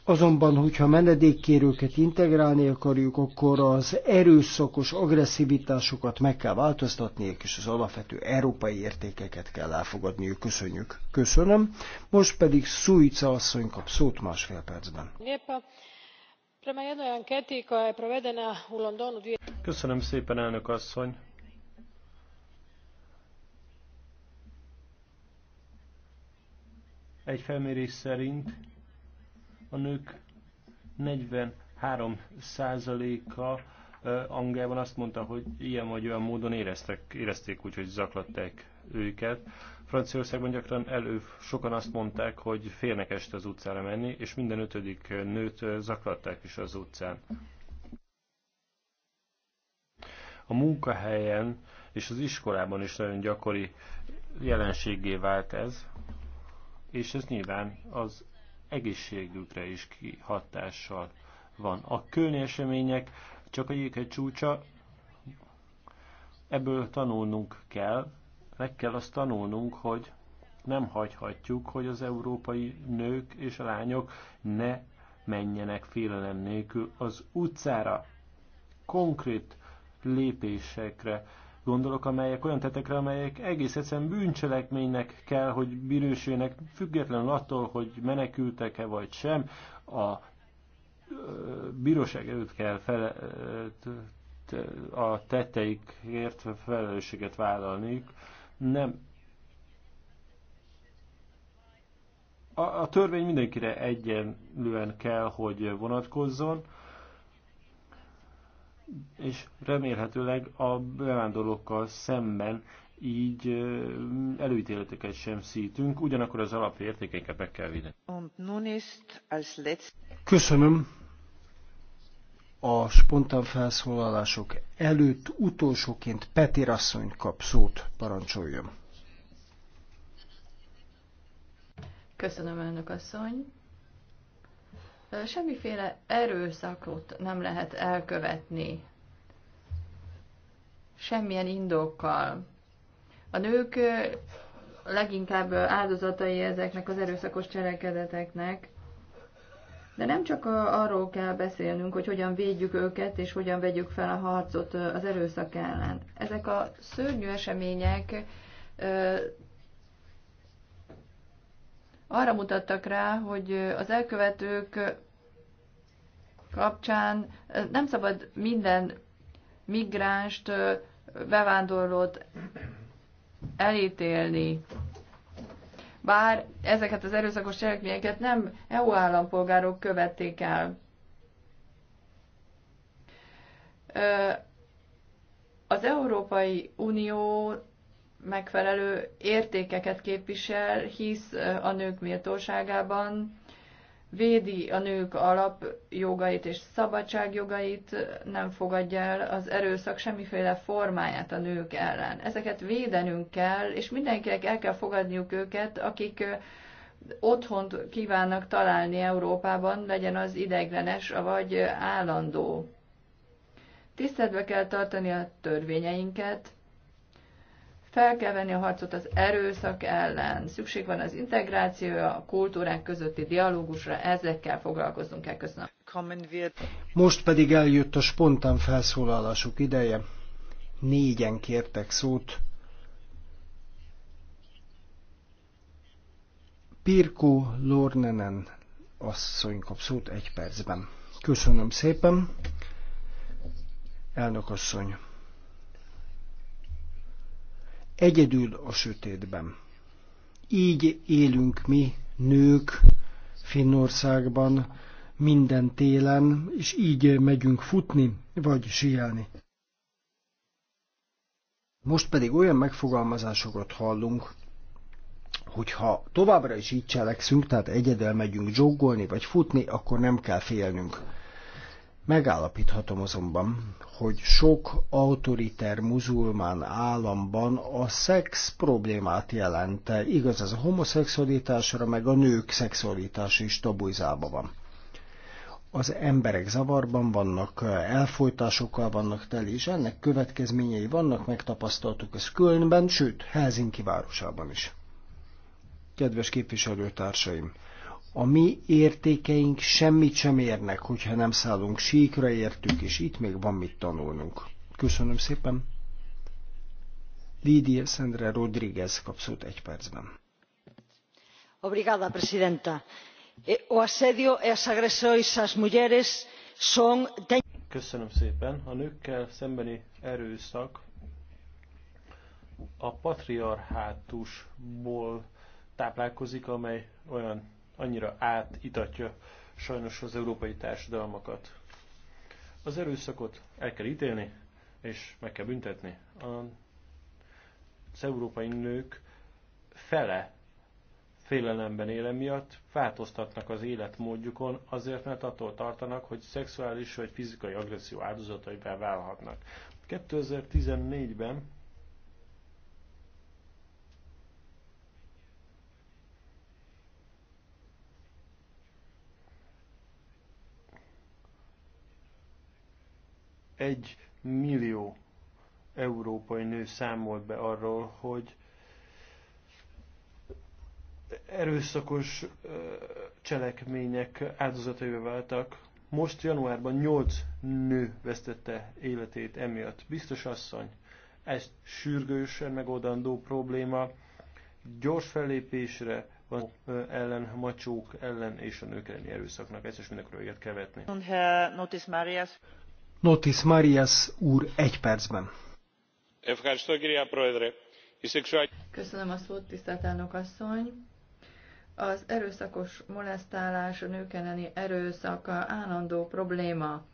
Speaker 6: Azonban, hogyha menedékkérőket integrálni akarjuk, akkor az erőszakos agresszivitásokat meg kell változtatniuk, és az alapvető európai értékeket kell elfogadniuk. Köszönjük. Köszönöm. Most pedig Szújca asszony
Speaker 5: kap szót másfél percben. Köszönöm szépen, elnök asszony. Egy felmérés szerint a nők 43%-a Angliában azt mondta, hogy ilyen vagy olyan módon éreztek, érezték úgy, hogy zaklatták őket. Franciaországban gyakran elő sokan azt mondták, hogy félnek este az utcára menni, és minden ötödik nőt zaklatták is az utcán. A munkahelyen és az iskolában is nagyon gyakori jelenségé vált ez, és ez nyilván az egészségükre is kihatással van. A kölni események csak a egy csúcsa, ebből tanulnunk kell, meg kell azt tanulnunk, hogy nem hagyhatjuk, hogy az európai nők és a lányok ne menjenek félelem nélkül az utcára. Konkrét lépésekre gondolok, amelyek olyan tetekre, amelyek egész egyszerűen bűncselekménynek kell, hogy bírősének, függetlenül attól, hogy menekültek-e vagy sem, a bíróság előtt kell fele, a tetteikért felelősséget vállalniuk. Nem. A, a törvény mindenkire egyenlően kell, hogy vonatkozzon és remélhetőleg a bevándorlókkal szemben így előítéleteket sem szítünk, ugyanakkor az alapértékeket meg kell védeni.
Speaker 6: Köszönöm. A spontán felszólalások előtt utolsóként Peti Rasszony kap szót, parancsoljon.
Speaker 7: Köszönöm, elnök asszony semmiféle erőszakot nem lehet elkövetni, semmilyen indokkal. A nők leginkább áldozatai ezeknek az erőszakos cselekedeteknek, de nem csak arról kell beszélnünk, hogy hogyan védjük őket, és hogyan vegyük fel a harcot az erőszak ellen. Ezek a szörnyű események arra mutattak rá, hogy az elkövetők kapcsán nem szabad minden migránst, bevándorlót elítélni. Bár ezeket az erőszakos cselekményeket nem EU állampolgárok követték el. Az Európai Unió megfelelő értékeket képvisel, hisz a nők méltóságában, védi a nők alapjogait és szabadságjogait, nem fogadja el az erőszak semmiféle formáját a nők ellen. Ezeket védenünk kell, és mindenkinek el kell fogadniuk őket, akik otthont kívánnak találni Európában, legyen az ideiglenes, vagy állandó. Tiszteletbe kell tartani a törvényeinket, fel kell venni a harcot az erőszak ellen. Szükség van az integrációja a kultúrák közötti dialógusra, ezekkel foglalkozunk el. Köszönöm.
Speaker 6: Most pedig eljött a spontán felszólalásuk ideje. Négyen kértek szót. Pirko Lornenen asszony kap szót egy percben. Köszönöm szépen. Elnök asszony, egyedül a sötétben. Így élünk mi, nők, Finnországban minden télen, és így megyünk futni, vagy síelni. Most pedig olyan megfogalmazásokat hallunk, hogyha továbbra is így cselekszünk, tehát egyedül megyünk joggolni vagy futni, akkor nem kell félnünk. Megállapíthatom azonban, hogy sok autoriter muzulmán államban a szex problémát jelente. Igaz, ez a homoszexualitásra, meg a nők szexualitás is tabuizálva van. Az emberek zavarban vannak, elfolytásokkal vannak teli, és ennek következményei vannak, megtapasztaltuk ezt Kölnben, sőt, Helsinki városában is. Kedves képviselőtársaim! A mi értékeink semmit sem érnek, hogyha nem szállunk síkra értük, és itt még van mit tanulnunk. Köszönöm szépen. Lídia Szendre Rodríguez kapszót egy percben.
Speaker 2: Obrigada, presidenta. E,
Speaker 4: o asedio, e as agresores, as mujeres son...
Speaker 5: Köszönöm szépen. A nőkkel szembeni erőszak a patriarhátusból táplálkozik, amely olyan annyira átitatja sajnos az európai társadalmakat. Az erőszakot el kell ítélni, és meg kell büntetni. Az európai nők fele félelemben élem, miatt változtatnak az életmódjukon, azért mert attól tartanak, hogy szexuális vagy fizikai agresszió áldozataivel válhatnak. 2014-ben egy millió európai nő számolt be arról, hogy erőszakos cselekmények áldozataival váltak. Most januárban 8 nő vesztette életét emiatt. Biztos asszony, ez sürgősen megoldandó probléma. Gyors fellépésre van ellen, macsók ellen és a nők elleni erőszaknak. Ezt is mindenkor kell vetni.
Speaker 6: Notis Marias úr egy percben.
Speaker 7: Köszönöm a szót, tisztelt elnök asszony. Az erőszakos molesztálás, a nők elleni erőszak állandó probléma.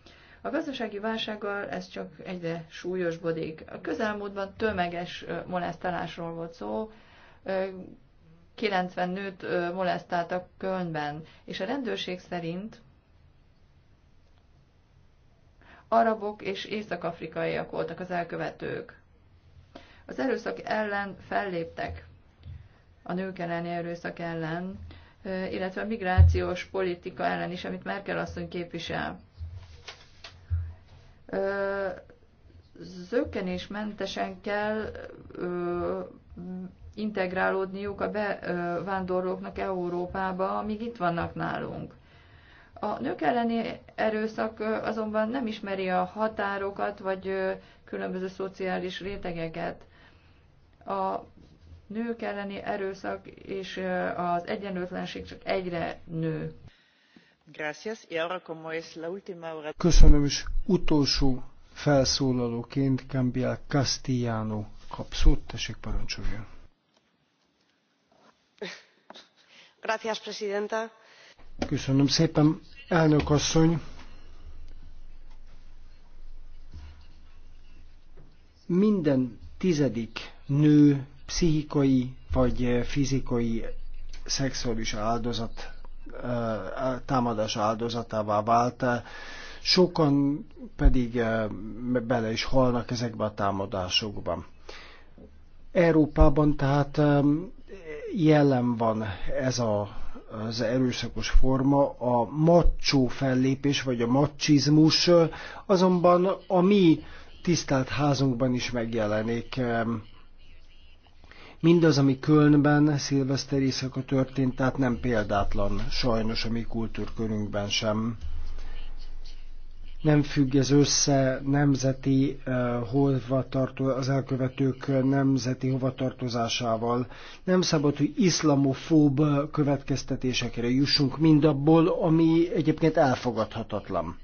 Speaker 7: A gazdasági válsággal ez csak egyre súlyosbodik. A közelmúltban tömeges molesztálásról volt szó, 90 nőt molesztáltak Kölnben, és a rendőrség szerint arabok és észak-afrikaiak voltak az elkövetők. Az erőszak ellen felléptek, a nők elleni erőszak ellen, illetve a migrációs politika ellen is, amit Merkel asszony képvisel. Zökkenésmentesen kell integrálódniuk a bevándorlóknak Európába, amíg itt vannak nálunk. A nők elleni erőszak azonban nem ismeri a határokat, vagy különböző szociális rétegeket. A nők elleni erőszak és az egyenlőtlenség csak egyre nő.
Speaker 6: Köszönöm, és utolsó felszólalóként Cambiel Castellano kap szót, tessék parancsoljon.
Speaker 2: Gracias, presidenta
Speaker 6: Köszönöm szépen, elnök asszony. Minden tizedik nő pszichikai vagy fizikai szexuális áldozat eh, támadás áldozatává vált, sokan pedig eh, bele is halnak ezekbe a támadásokban. Európában tehát eh, jelen van ez a az erőszakos forma, a macsó fellépés, vagy a macsizmus azonban a mi tisztelt házunkban is megjelenik. Mindaz, ami Kölnben szilveszteri a történt, tehát nem példátlan sajnos a mi kultúrkörünkben sem nem függ ez össze nemzeti uh, eh, hova tartó, az elkövetők nemzeti hovatartozásával. Nem szabad, hogy iszlamofób következtetésekre jussunk mindabból, ami egyébként elfogadhatatlan.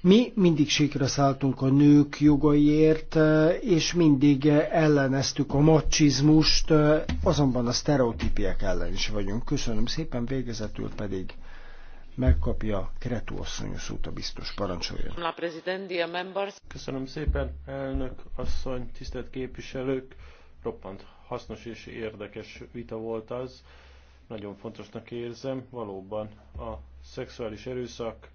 Speaker 6: Mi mindig síkra szálltunk a nők jogaiért, eh, és mindig elleneztük a macsizmust, eh, azonban a sztereotípiek ellen is vagyunk. Köszönöm szépen, végezetül pedig megkapja Kretu asszony a szót a biztos parancsoljon.
Speaker 5: Köszönöm szépen, elnök asszony, tisztelt képviselők, roppant hasznos és érdekes vita volt az. Nagyon fontosnak érzem, valóban a szexuális erőszak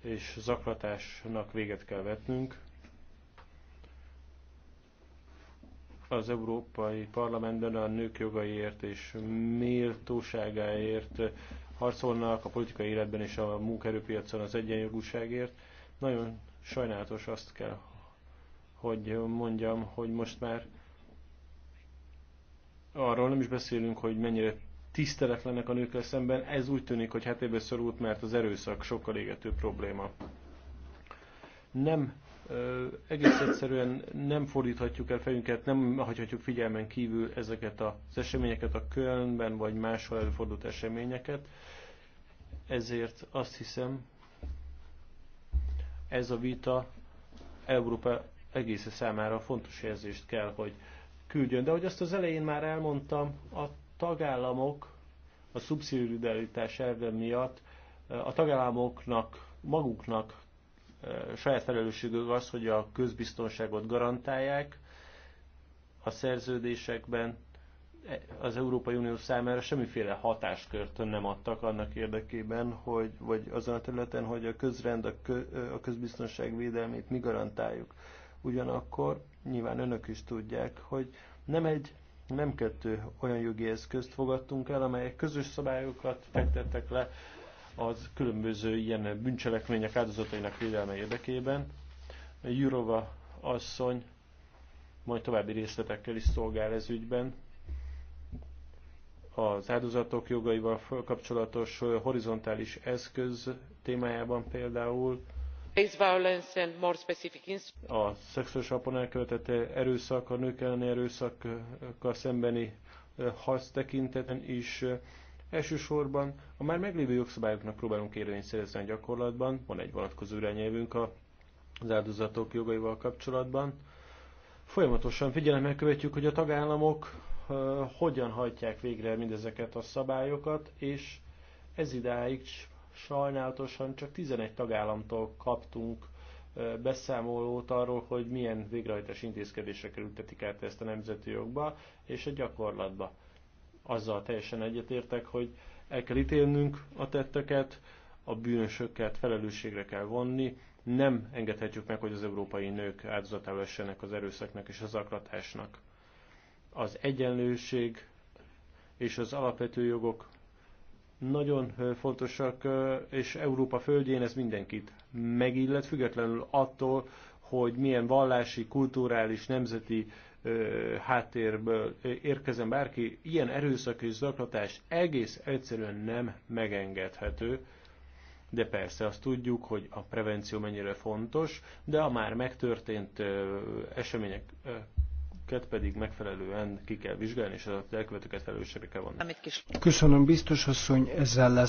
Speaker 5: és zaklatásnak véget kell vetnünk. Az Európai Parlamentben a nők jogaiért és méltóságáért harcolnak a politikai életben és a munkaerőpiacon az egyenjogúságért. Nagyon sajnálatos azt kell, hogy mondjam, hogy most már arról nem is beszélünk, hogy mennyire tiszteletlenek a nőkkel szemben. Ez úgy tűnik, hogy hetébe szorult, mert az erőszak sokkal égető probléma. Nem egész egyszerűen nem fordíthatjuk el fejünket, nem hagyhatjuk figyelmen kívül ezeket az eseményeket a Kölnben, vagy máshol előfordult eseményeket. Ezért azt hiszem, ez a vita Európa egész számára fontos érzést kell, hogy küldjön. De ahogy azt az elején már elmondtam, a tagállamok a szubszidiaritás elve miatt a tagállamoknak maguknak saját felelősségük az, hogy a közbiztonságot garantálják a szerződésekben, az Európai Unió számára semmiféle hatáskört nem adtak annak érdekében, hogy, vagy azon a területen, hogy a közrend, a, kö, a közbiztonság védelmét mi garantáljuk. Ugyanakkor nyilván önök is tudják, hogy nem egy, nem kettő olyan jogi eszközt fogadtunk el, amelyek közös szabályokat fektettek le az különböző ilyen bűncselekmények áldozatainak védelme érdekében. Jurova asszony majd további részletekkel is szolgál ez ügyben. Az áldozatok jogaival kapcsolatos horizontális eszköz témájában például a szexuális alapon elkövetett erőszak, a nők elleni erőszakkal szembeni harc tekintetben is Elsősorban a már meglévő jogszabályoknak próbálunk érvényt szerezni a gyakorlatban, van egy vonatkozó irányelvünk az áldozatok jogaival kapcsolatban. Folyamatosan figyelemmel követjük, hogy a tagállamok hogyan hajtják végre mindezeket a szabályokat, és ez idáig sajnálatosan csak 11 tagállamtól kaptunk beszámolót arról, hogy milyen végrehajtás intézkedések kerültetik át ezt a nemzeti jogba és a gyakorlatba azzal teljesen egyetértek, hogy el kell ítélnünk a tetteket, a bűnösöket felelősségre kell vonni, nem engedhetjük meg, hogy az európai nők áldozatá essenek az erőszaknak és az aklatásnak. Az egyenlőség és az alapvető jogok nagyon fontosak, és Európa földjén ez mindenkit megillet, függetlenül attól, hogy milyen vallási, kulturális, nemzeti háttérből érkezzen bárki, ilyen erőszak és zaklatás egész egyszerűen nem megengedhető. De persze azt tudjuk, hogy a prevenció mennyire fontos, de a már megtörtént eseményeket pedig megfelelően ki kell vizsgálni, és az elkövetőket felelősségre kell vonni.
Speaker 6: Köszönöm biztos asszony, ezzel lezárjuk.